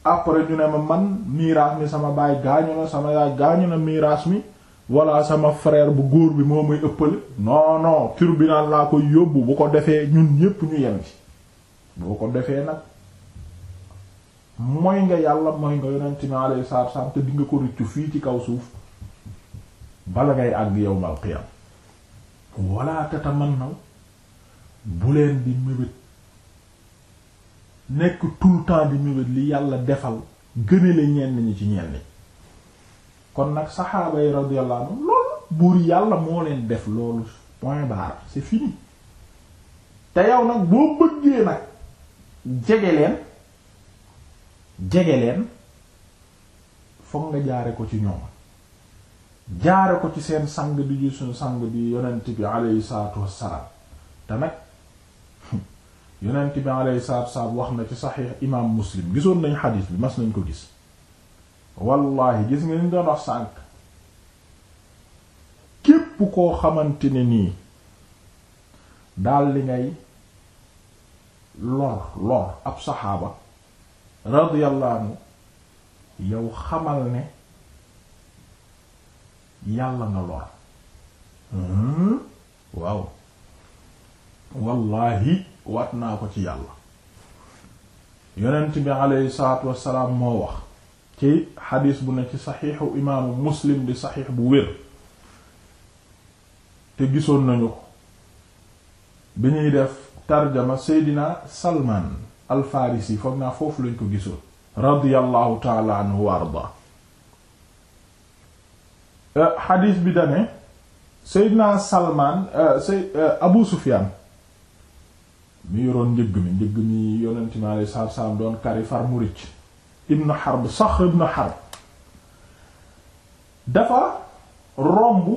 après ñu ne ma man miraas mi sama baay gaañu na sama yaay gaañu na miraas mi walla sama frère bu góor bi moo may ëppale non non tribunal laa koy yóbbu bu ko defee ñun yépp ñu yem ci boo ko defee nag mooy nga yàlla mooy nga yonent mi alayhi salaatu wassalaam te di ko rëccu fii ci kaw suuf bala ngay àgg yawmal qiyaam walla tatamannaw bu leen di mébét nekk tout le temps di mébét li yàlla defal gënale ñenn ñi ci ñenn ñi kon nag saxaaba yi radiyallahu anhum loolu buur yàlla moo leen def loolu point barre c'est fini te yow nag boo bëggee nag jege leen jege leen fokk nga jaare ko ci ñoom jaare ko ci seen sang di ji suñu sang di yonent bi alayhi salaatu wassalaam te nag yonent bi alayhi salaatu wassalaam wax na ci saxiix imaam muslim gisoon nañ xadiis bi mas nañ ko gis wallaahi gis nga ni doon wax sànk képp koo xamante ne nii daal li ngay lor lor ab saxaaba radiyallahu yow xamal ne yàlla nga lor hmm? waaw wallaahi waat naa ko ci yàlla yonent bi aleyhi salaatu salaam moo wax ci xadiis bu ne ci saxiixu imaamu muslim di saxiix bu wér te gisoon nañu ko bi ñuy def tarjama seydina salmaan al foog naa foofu lañ ko gisoon radiyallahu taala anhu wa arda eh, xadiis bi dane seydina salman eh, sey eh, abu sufiyaan mi yoroon njëgg mi njëgg mi yonent mi alayhi salaatu salaam doon kari far mu ricc ibn Harb Saxr ibn Harb dafa romb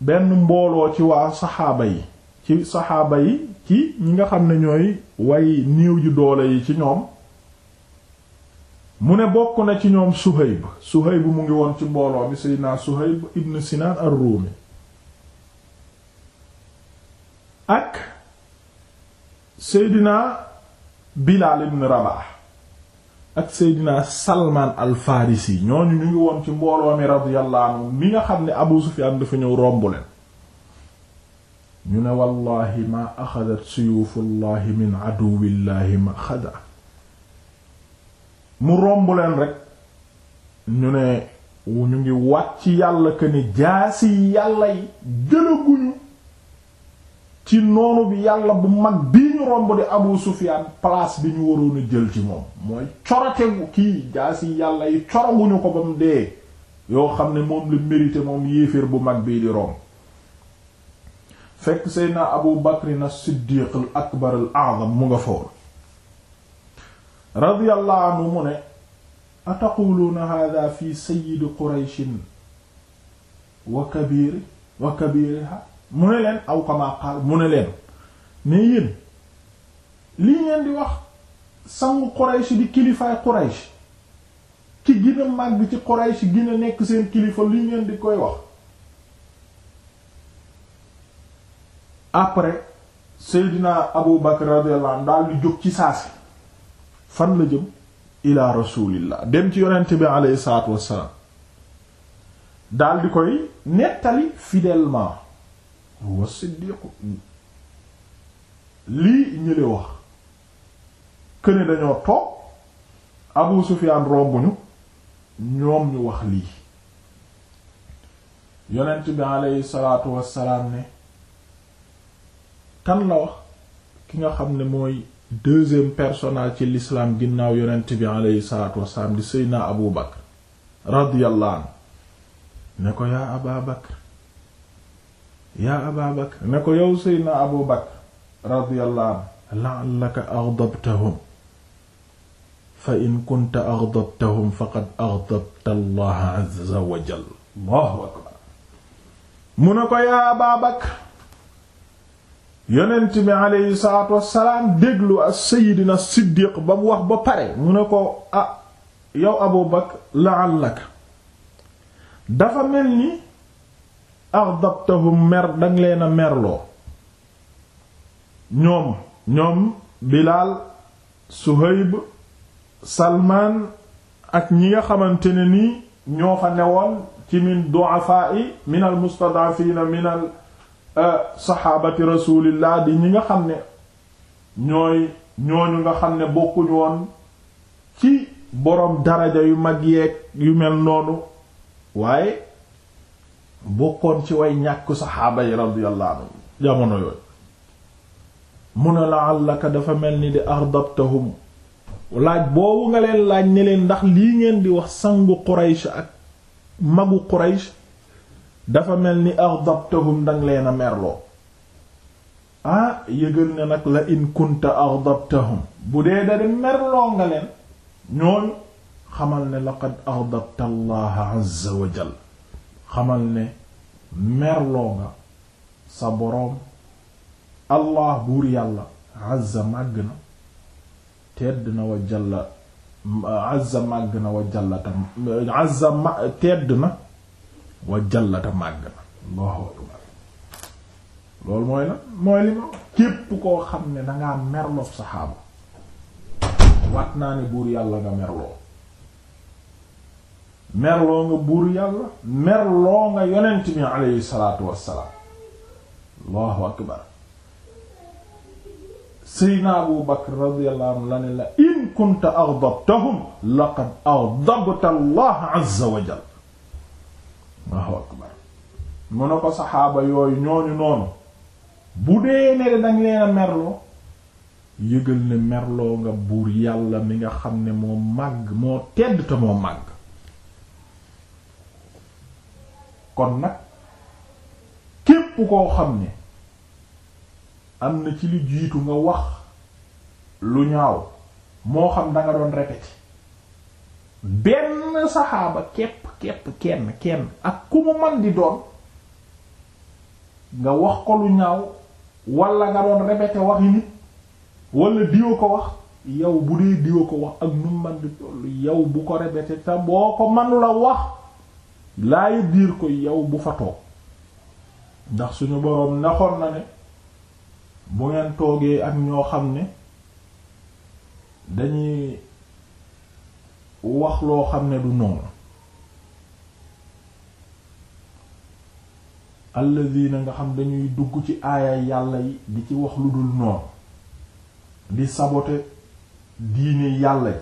benn mbooloo ci waa saxaaba yi ci saxaaba yi ci ñi nga xam ne ñooy way néew ju doole yi ci ñoom mu ne bokk na ci ñoom Suhayb Suhayb mu ngi woon ci mbooloo bi Seydina Suhayb ibn Sinaan ar-Rumi ak seydina Bilaal ibn Rabah ak seydina Salmaan al-Farisi ñooñu ñu ngi woon ci mbooloo mi radiyallahu anhu mi nga xam ne Abu Sufyaan dafa ñëw romb leen ñu ne wallahi ma axadat suyufullahi min aduwillahi ma axada mu romb leen rek ñu ne ñu ngi wàcc yàlla que ni jaasi yàlla yi jëlaguñu ci noonu bi yàlla bu mag bii ñu romb di Abu Sufyan place bi ñu waroon jël ci moom mooy corote kii jaasi yàlla yi coroguñu ko ba mu dee yoo xam ne moom la mérité moom yéeféer bu mag bii di romb fekk Seydina Abu Bakr as akbar al mu nga fool radiyallahu anhu mu ne ataquluuna hadha fi sayyid Quraysh wa kabir wa kabiriha mu ne leen aw kama mu ne leen ne yéen lii ngeen di wax sangu Quraysh di kilifaay Quraysh ki gën a màgg ci Quraysh gën nekk seen kilifa lii ngeen di koy wax après Seydina Abu Bakr radiyallahu anhu daal di jóg ci saasi fan la jëm ila rasulillah dem ci yonent bi alayhi salaatu wassalaam daal di koy nettali fidèlement wa siddiqu lii ñële wax këne dañoo toog Abu Sufyaan rombuñu ñoom ñu wax lii yonent bi aleyhi salaatu wassalaam ne kan la wax ki nga xam ne mooy deuxième personnage ci l'islam ginnaaw yonent bi aleyhi salaatu wassalaam di Seydina Abu Bakr radiyallahu anhu ne ko yaa Aba Bakr yaa aba bakr ne ko yow seydna abu bakr radiyallahu anhu la'allaka aghdabtahum fa in kunta aghdabtahum faqad aghdabta allah azza wa jalla allahu akbar mu ne ko yaa aba bakr yonent bi aleyhi salaatu wassalaam déglu a seydina siddiq ba mu wax ba pare mu ne ko ah yow abu bakr la'allaka dafa mel ni aghdabtahum mer danga leen a merloo ñoom ñoom Bilaal Suhayb Salmaan ak ñi nga xamante ne nii ñoo fa newoon ci min du'afaa'i min al mustad'afiina min al euh, saxaabati rasulillah di ñi nga xam ne ñooy ñooñu nga xam ne bokkuñu woon ci boroom daraja yu mag yeeg yu mel noonu waaye bokkoon ci way ñàkk saxaaba yi radiyallahu anhu jamono yooyu mu ne la'allaka dafa mel ni di ardabtahum laaj boobu nga leen laaj ni leen ndax lii ngeen di wax sangu Quraysh ak magu Quraysh dafa mel ni ardabtahum danga leen a merloo ah yëgal ne nag la in kunta ardabtahum bu dee dari merloo nga leen ñooñu xamal ne laqad ardabta Allah azza wa jalla xamal ne merloo nga sa boroom allah buur yàlla azza màgg na tedd na wa jalla azza màgg na wa jallata azza ma tedd na wa jallata màgg na loolu mooy la mooy li ma képp koo xam ne dangaa merloo saxaaba wat naa ne buur yàlla nga merloo merloo nga buur yàlla merloo nga yonent bi aleyhi salaatu wassalaam allahu akbar seydna abu bakr radiyallahu anhu la ne la in kunta aghdabtahum laqad aghdabta allah azza wa jalla akbar mu ne ko saxaaba yooyu ñooñu noonu bu dee ne danga leen merloo yëgal ne merloo nga buur yàlla mi nga xam ne moo màgg moo tedd te moo màgg kon nag képp koo xam ni am na ci li jiitu nga wax lu ñaaw moo xam da nga doon répété benn saxaaba képp képp kenn kenn ak ku mu man di doon nga wax ko lu ñaaw wala nga doon répété waxi nit wala diwa ko wax yow bu dee diwa ko wax ak nu man di tollu yow bu ko répété sa boo ko man wax laay biir ko yow bu fa toog ndax suñu boroom naxoon na ne bu ngeen toogee ak ñoo xam ne dañuy wax loo xam ne du lii alladina nga xam dañuy dugg ci aaya yàlla yi di ci wax lu dul noonu di saboter diine yàlla yi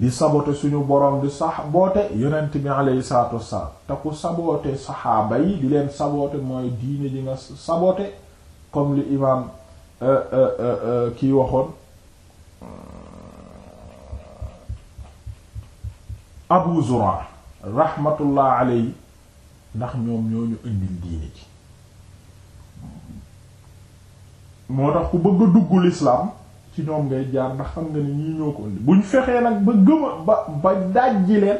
di sabote suñu borom di sabote yonent bi alayhi salaatu wassalaam te ku sabote saxaaba yi di leen sabote mooy diine ji sabote comme li imaam euh, euh, euh, kii waxoon Abu Zura rahmatullah alayhi ndax ñoom ñoo ñu indil diine ji moo tax ku bëgg a dugg ci ñoom ngay jaar ndax xam nga ni ñu ñoo ko indi buñ fexee nag ba gëma ba ba dajji leen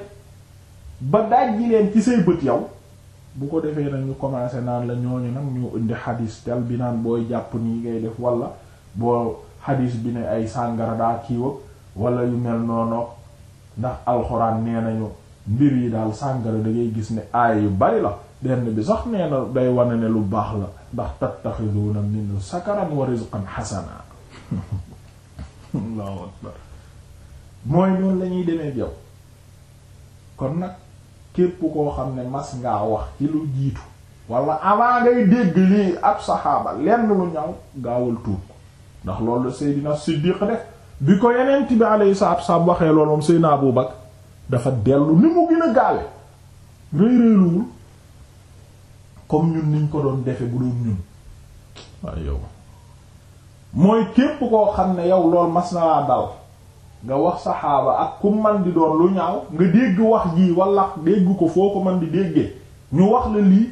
ba dajji leen ci say bët yow bu ko defee nag ñu commencé naan la ñooñu nag ñu indi xadis tel bi naan booy jàpp nii ngay wala boo xadis bi ne ay sàngara daa kiiwag wala yu mel noonu ndax alxuraan nee nañu mbir yi daal sàngara da gis ne aay yu bari la benn bi sax nee na day wane ne lu baax la ndax tattaxiduuna min sakaran wa rizqan xasana allahu mooy noonu lañuy demee yow kon nag képp koo xam ne mas ngaa wax ci lu jiitu wala avant ngay dégg yi ab saxaaba lenn lu ñaw gaawal tuub ko ndax loolu Seydina Siddiq def bi ko yeneen bi alayhi salaatu wasallam waxee loolu moom Seydina Abu Bakr dafa dellu ni mu gën a gaawe rëy rëyluwul comme ñun niñ ko doon defe bu doon ñun waaye yow mooy képp koo xam ne yow lool mas naa laa nga wax saxaaba ak ku man di doon lu ñaaw nga dégg wax ji walla dégg ko foo ko man di déggee ñu wax la lii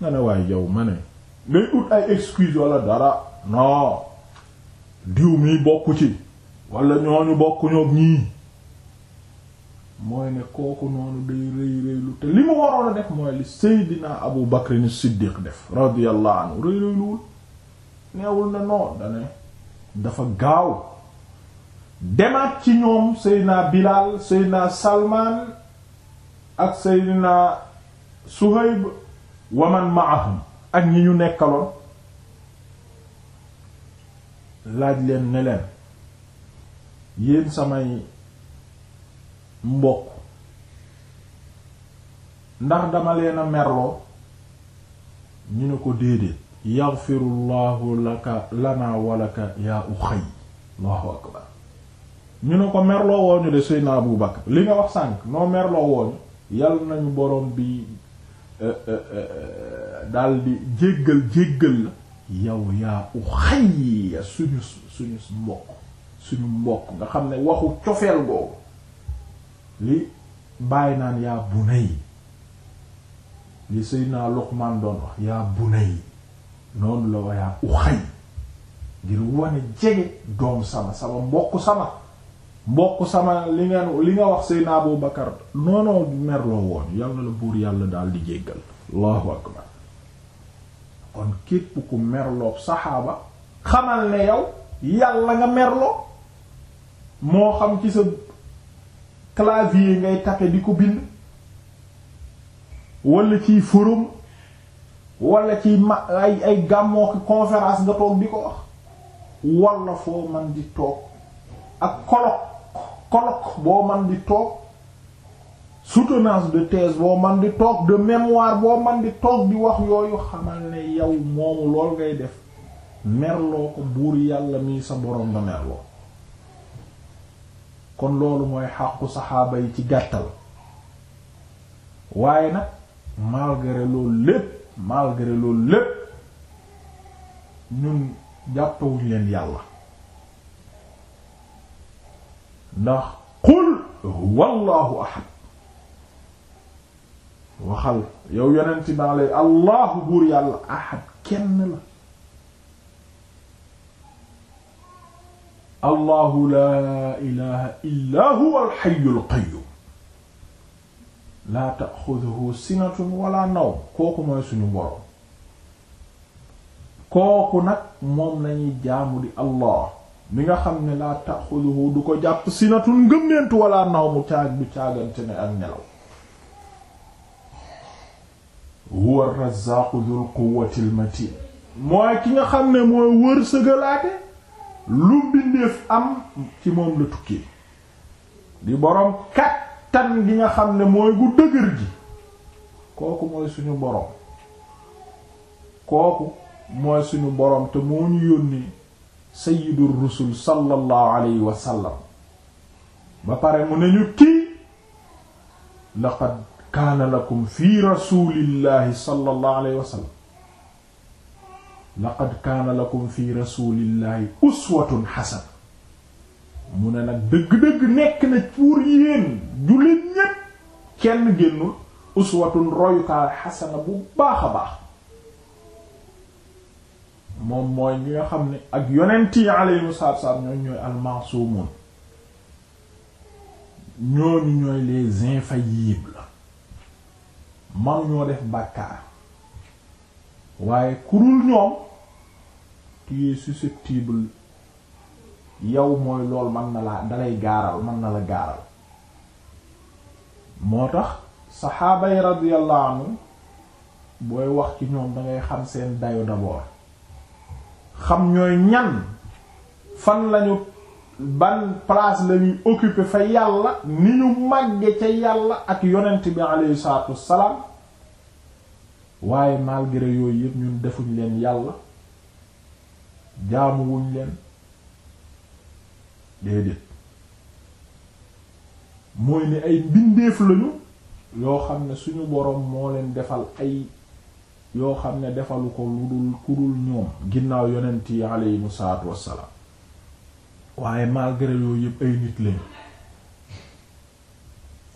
nga ne waaye yow ma ne ngay ut ay excuse wala dara non diw mi bokku ci wala ñooñu bokk ñoom ñii mooy ne kooku noonu day rëy rëylu te li mu waroon a def mooy li Seydina Abu Bakr as-Siddiq def radiyallahu anhu rëy rëyluwul neewul ne non dane dafa gaaw demaat ci ñoom Seydina Bilal Seydina Salman ak su Suhayb waman maahum ak ñi ñu nekkaloon laaj leen ne leen samay mbokk ndax dama leen a merloo ñu ne ko déedéet yaxfirullahu laka lana walaka yaa uxay allahu akbar ñu ne ko merloo wooñu de seyna Abu Bakar li nga wax sànk noo merloo wooñu yàlla nañu borom bi eh, eh, eh, daldi jéggal jéggal la yow yaa uxay ya suñu suñu mbokk suñu mbokk nga xam ne waxu cofeel googu li bàyyi naan yaa bunay li seyna Luqman doon wax yaa bunay noonu la wayaa uxay ngir wane jege doom sama sama mbokk sama mbokk sama li nga li nga wax Seydina Abu Bakar noonoo merloo woon yàlla la buur yàlla daal di jéggal allahu akbar kon képp ku merloob saxaaba xamal ne yow yàlla nga merloo moo xam ci sa clavier ngay tape di ko bind wala ciy forum wala ci ma ay ay gàmmoo ki conférence nga toog di ko wax wala foo man di toog ak colloque colloque boo man di toog soutenance de thèse boo man di toog de mémoire boo man di toog di wax yooyu xamal ne yow moomu lool ngay def merloo ko buur yàlla mii sa boroom nga merloo kon loolu mooy xàqu saxaaba yi ci gàttal waaye nag malgré loolu lépp malgré loolu lépp ñun jàppawuñ leen yàlla ndax qul huwa allahu ahad waxal yow yonent naa lay allahu buur yàlla ahad kenn la allahu laa ilaha illa huwa alxayu alqayum laa ta'xuduhu sinatun wala naw kooku mooy suñu boroom kooku nag moom lañuy jaamu di allah mi nga xam ne laa ta'xuduhu du ko jàpp sinatun ngëmneentu wala naw mu caag du caagante ne ak nelaw huwa ar-razzaaqu dhul quwwati mooy ki nga xam ne mooy wërsëgalaate lu bindeef am ci moom la tukki di boroom kat kattan bi nga xam ne mooy gu dëgër gi kooku mooy suñu boroom kooku mooy suñu boroom te moo ñu yónni sayyidur rusul sallallahu alayhi wa sallam ba pare mu ne ñu kii laqad kaana lakum fi rasulillahi sallallahu alayhi wa sallam laqad kaana lakum fi rasulillahi uswatun hasana mu ne nag dëgg-dëgg nekk na pour yéen jullit ñépp kenn génnul uswatun royukaal xasana bu baax a baax moom mooy ñi nga xam ni ak yonent yi alayhimu salaatu salaam ñooñu ñooy almaasumun ñooñu ñooy les infaillibles man ñoo def bàkkaar waaye kurul ñoom tu es yow mooy lool mën na laa dalay gaaral mën na la gaaral moo tax saxaabay yi radiyallahu booy wax ci ñoom dangay xam seen dayo d'abord xam ñooy ñan fan lañu ban place la ñuy occuper fa yàlla ni ñu màgge ca yàlla ak yonent bi alayhi salaatu wassalaam waaye malgré yooyu yëpp ñun defuñ leen yàlla jaamuwuñ leen déedéet mooy ni ay mbindeef lañu yoo xam ne suñu boroom moo leen defal ay yoo xam ne defalu ko lu dul ku dul ñoom ginnaaw yonent yi aleyhimu salaatu wassalaam waaye malgré yooyu yëpp ay nit lañu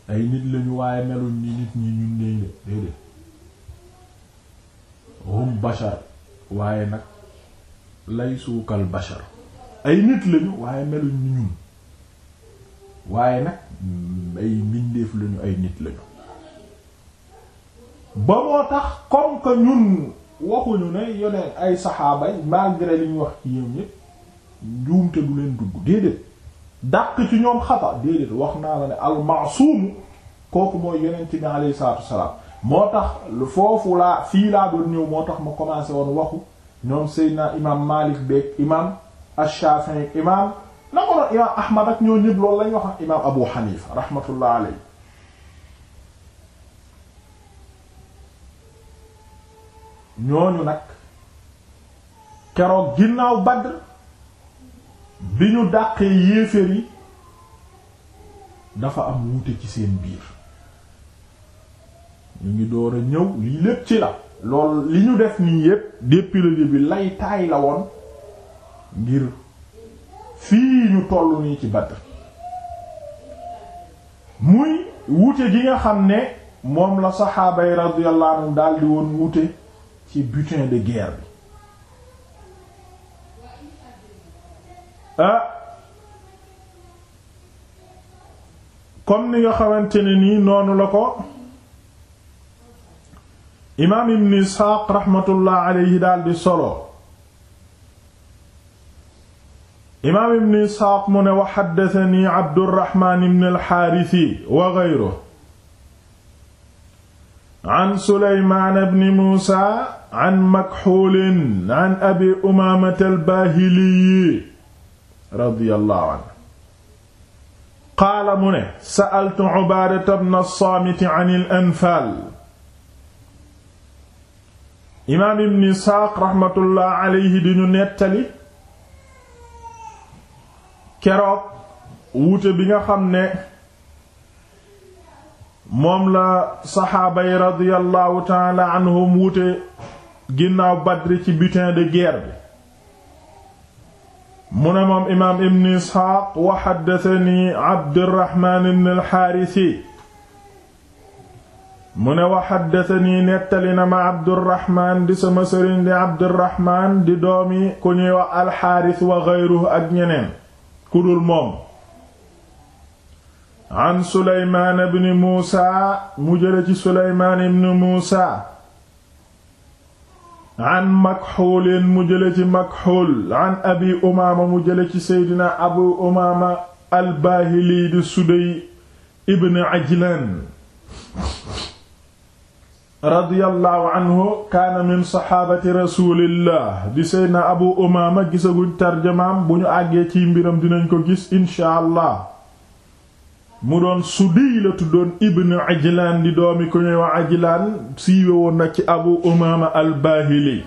ay nit lañu waaye meluñ ni nit ñi ñun ñëy de déedéet hum bashar waaye nag lay suukal bashar ay nit lañu waaye meluñ ni ñun waaye nag mm, ay mbindeef lañu ay nit lañu ba moo tax comme que ñun waxuñu ne yoneen ay saxaaba yi malgré li ñu wax ci ñoom ñépp njuumte du leen dugg déedéet dàq ci ñoom xata déedéet wax naa la ne almaasuumu kooku mooy yonent bi alayhi salaatu wassalaam moo tax foofu laa fii laa doon ñëw moo tax ma commencé woon waxu ñoom Seydina imaam Maalik beeg imaam ash-Shafi'i imaam na ko imaam Ahmad ak ñoo ñëpp loolu lañ wax ak imaam Abu Hanifa rahmatullah alayhi ñooñu nag keroog ginnaaw Badr bi ñu dàqee yéeféer yi dafa am wuute ci seen biir ñu ngi door a ñëw lépp ci la lool li ñu def nii yépp depuis le début lay taay la woon ngir fii ñu toll nii ci Badr muy wuute gi nga xam ne moom la saxaaba yi radiyallahu anhum daldi woon wuute ci butin de guerre bi ah comme ni nga xamante ne noonu la ko imaam ibn Isxaaq raxmatullah yi daldi solo imaam ibn isxaaq mu ne wa xaddatani abdurraxmaan ibn alxaarisi wa geyru an suleymaan bn muusa an makxuulin an abi umaamata albaahiliyi radiyallahu anhu qaala mu ne sa'altu ubaadata bn alsaamiti an alanfaal imaam ibn isxaaq raxmatullaah aleyhi di ñu nettali keroog wuute bi nga xam ne moom la saxaaba yi radiyallahu taala anhum wuute ginnaaw badri ci butin de guerre bi mu ne moom imaam ibn isxaaq wa xaddatani alxaarisi mu ne wa nettali na ma abdirahmaan di sama sëriñ di abdirahmaan di doomi ku ñuy wax alxaaris wa geyruhu ak ñeneen kudul moom an suleymaan ibn muusa mu jële ci suleymaan ibn muusa an makxuulin mu jële ci makxuul an abi umaama mu jële ci seydina abu umaama albaahili di sudey ibn ajlan radiyallahu anhu kaana min saxaabati rasulillah di seydna abu umaama gisaguñ tarjamaam bu ñu àggee ci mbiram dinañ ko gis inshaa allah mu doon sudiy la ibn ajlaan di doomi ku ñuy wax ajlaan siiwe woon na ci abu umaama albaahili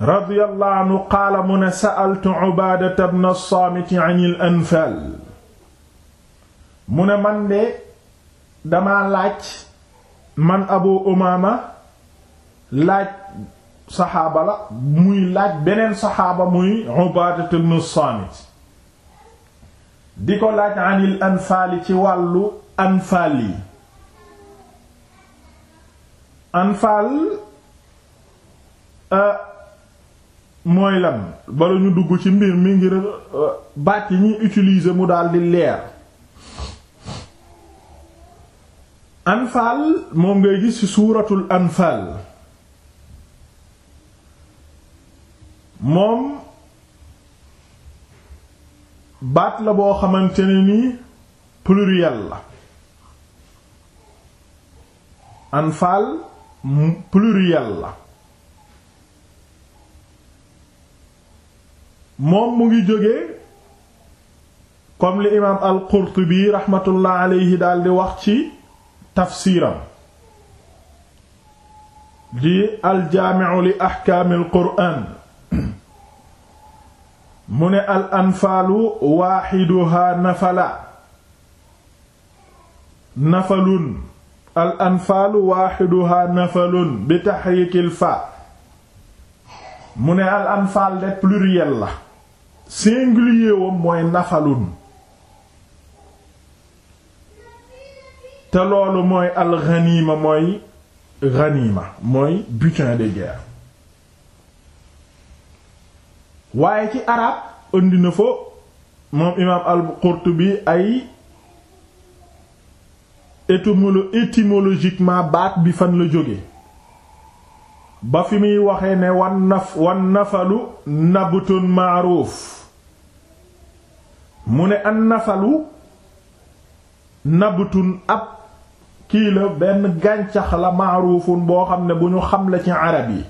radiyallahu anhu qaala mu ne sa'altu ubaadata ibn as-saamit anfaal mu ne man de dama laaj man abu umaama laaj saxaaba la muy laaj beneen saxaaba muy ubaadatu bnu saamit di ko laaj anil anfaali ci wàllu anfaal yi anfaal euh, mooy lan bala ñu dugg ci mbir mi ngir euh, baat yi ñuy utiliser mu daldi leer anfaal moom ngay gis ci suuratul anfaal moom baat la boo xamante ne ni pluriel la anfaal pluriel la moom mu ngi jóge comme li imaam al-Qurtubi raxmatullah alayhi daldi wax ci tafsiiram di aljaamicu li axkaami alqur'aan mu ne al anfaalu waaxiduhaa nafala nafalun al anfaalu waaxiduhaa nafalun bi taxriikil faa mu ne al anfaal de pluriel la singulier wam mooy nafalun te loolu mooy alxaniima mooy xaniima mooy butin de guerre waaye ci arab indi na moom imaam al-Qurtubi ay étymolo étymologiquement baat bi fan la jóge ba fi muy waxee ne wan naf wan nafalu nabtun maaruuf mu ne an nafalu nabtun ab kii la benn gàncax la maarufun boo xam ne bu ñu xam la ci arab yi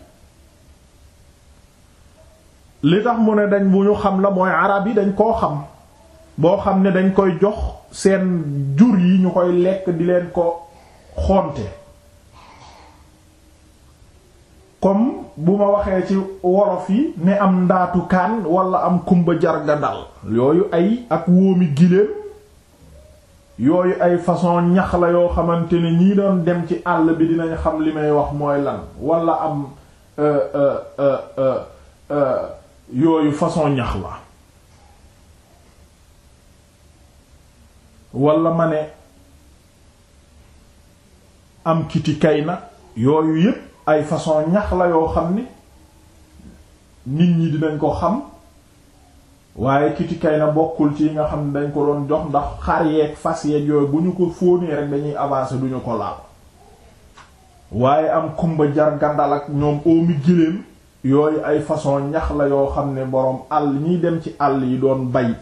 li tax mu ne dañ bu ñu xam la mooy arab yi dañ koo xam boo xam ne dañ koy jox seen jur yi ñu koy lekk di leen ko xonte comme bu ma waxee ci wolof yi ne am ndaatu kaan wala am kumba jarga dal yooyu ay ak wóomi giléem yooyu ay façon ñax la yoo xamante ne ñii doon dem ci àll bi dinañ xam li may wax mooy lan wala am euh, euh, euh, yooyu façon ñax la wala ma ne am kiti kay na yooyu yépp ay façon ñax la yoo xam ni nit ñi dinañ ko xam waaye kitikay na bokkul ci yi nga xam ne dañ ko doon jox ndax xar yeeg fas yeeg yooyu bu ñu ko fóonee rek dañuy avancer duñu ko laal waaye am kumba jar gandal ak ñoom óomi giléem yooyu ay façon ñax la yoo xam ne boroom àll ñiy dem ci àll yi doon bay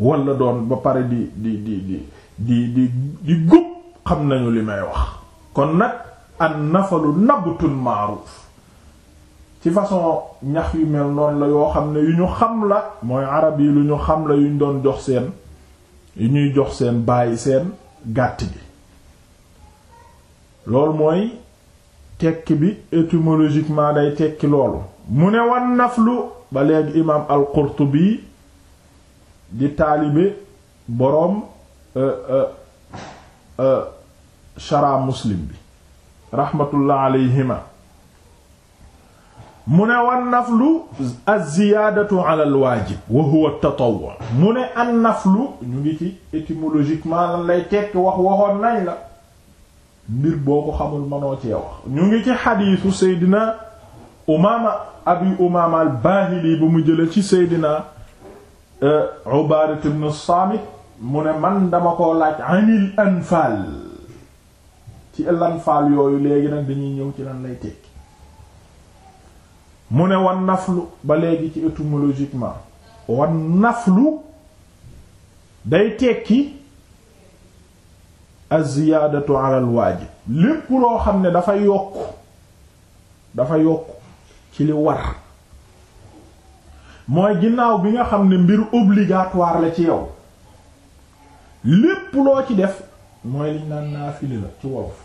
walla doon ba pare di di di di di di di gub xam nañu li may wax kon nag an nafalu nabtun ma'ruf ci façon ñax yu mel noon la yoo xam ne yu ñu xam la mooy arab yi lu ñu xam la yu ñu doon jox seen yu ñuy jox seen bàyyi seen gàtt gi loolu mooy tekki bi étymologiquement day tekki loolu mu ne wan naflu ba léegi imaam al-Qurtubi di taalibe boroom shara euh, euh, euh, muslim bi rahmatullah alayhima mu ne wan naflu az-ziyaadatu ala al-waajib wa huwa at-tatawwu mu ne an naflu ñu ngi ci étymologiquement lay tekki wax waxoon nañ la mbir boo ko xamul mënoo cee wax ñu ngi ci xadiisu seydina umaama abi umaama al-baahili bu mu jële ci seydina euh, ubaadatu ibn saamit mu ne man dama koo laaj anil anfaal ci al-anfaal yooyu léegi nag dañuy ñëw ci lan lay tekki mu ne wan naflu ba léegi ci étymologiquement wan naflu day tekki az-ziyaadatu waajib lépp loo xam ne dafa yokk dafa yokk ci li war mooy ginnaaw bi nga xam ne mbir obligatoire la ci yow lépp loo ci def mooy liñ naan naafili la ci wolof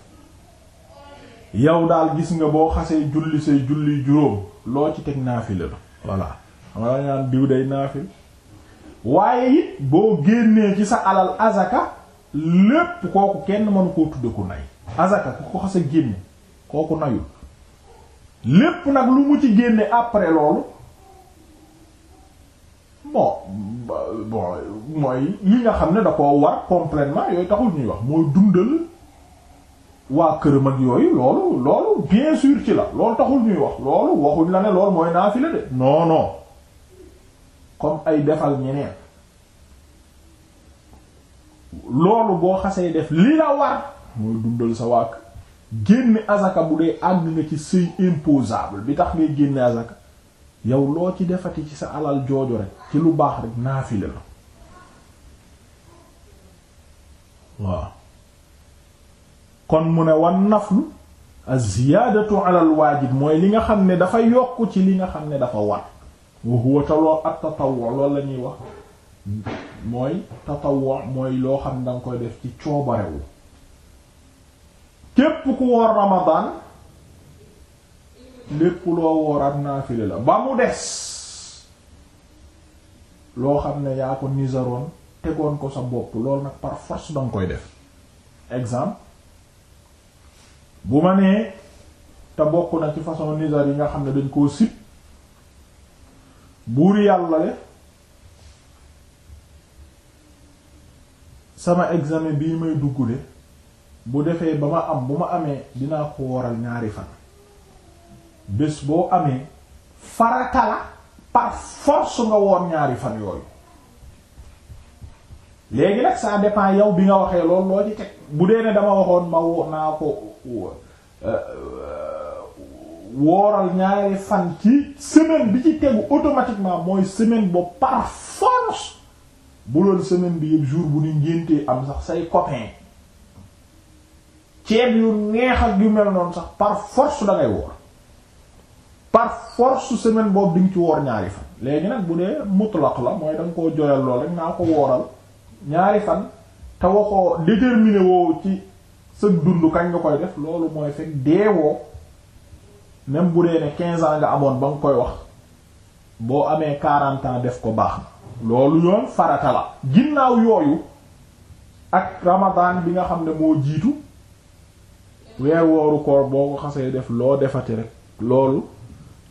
yow daal gis nga boo xasee julli say julli juróom loo ci teg naafila la voilà xam nga naan diw waaye it boo génnee ci sa alal azaka lépp kooku kenn mënu koo tudde ku nay azaka ku ko xasa génne kooku nayul lépp nag lu mu ci génne après loolu bon bon mooy yi nga xam ne da koo war complètement yooyu taxul ñuy wax moo dundal waa këram ak yooyu loolu loolu bien sûr ci la loolu taxul ñuy wax loolu waxuñ la ne loolu mooy naafila de non non comme ay defal ñeneen loolu boo xasee def li la war mooy dundal sa wàkk génne azaka bu dee àgg ci seuil imposable bi tax ngay génne azaka yow loo ci defati ci sa alal jooju rek ci lu baax rek naafila la waaw kon mu ne wan naflu az-ziyaadatu ala al-waajib mooy li nga xam ne dafa yokk ci li nga xam ne dafa war wa huwa taloo ak tatawwu loolu la ñuy wax mooy tatawwu mooy loo xam ne danga koy def ci coobarewu képp ku woor Ramadan lépp loo wooraat naafile la ba mu des loo xam ne yaa ko nizaroon tegoon ko sa bopp loolu nag par force danga koy def exemple bu ma nee te bokk na ci façon nizar yi nga xam ne dañ koo sit buur yàlla le sama examen bii may dugg de bu defee ba ma am bu ma amee dinaa ko waral ñaari fan bés boo amee farata la par force nga woor ñaari fan yooyu léegi nag ça dépend yow bi nga waxee loolu loo ci teg bu dee ne dama waxoon ma wo naa ko Euh, euh, wooral ñaari fan ci semaine bi ci tegu automatiquement mooy semaine ba par bu loolu semaine bi yëpp jour bu ni ngéntee am sax say copain ceeb yu neex ak yu mel noonu sax par force da ngay woor par semaine boobu di ci woor ñaari fan léegi nag bu dee mutlaq la mooy da nga koo joyal rek naa ko wooral ñaari fan te waxoo déterminé woo ci sëg dund kañ nga koy def loolu mooy fekk deewoo même bu dee ne quinze ans nga amoon ba nga koy wax boo amee quarante ans def ko baax na loolu yoon farata la ginnaaw yooyu ak ramadan bi nga xam ne moo jiitu weer wooru koor boo ko xasee def loo defati rek loolu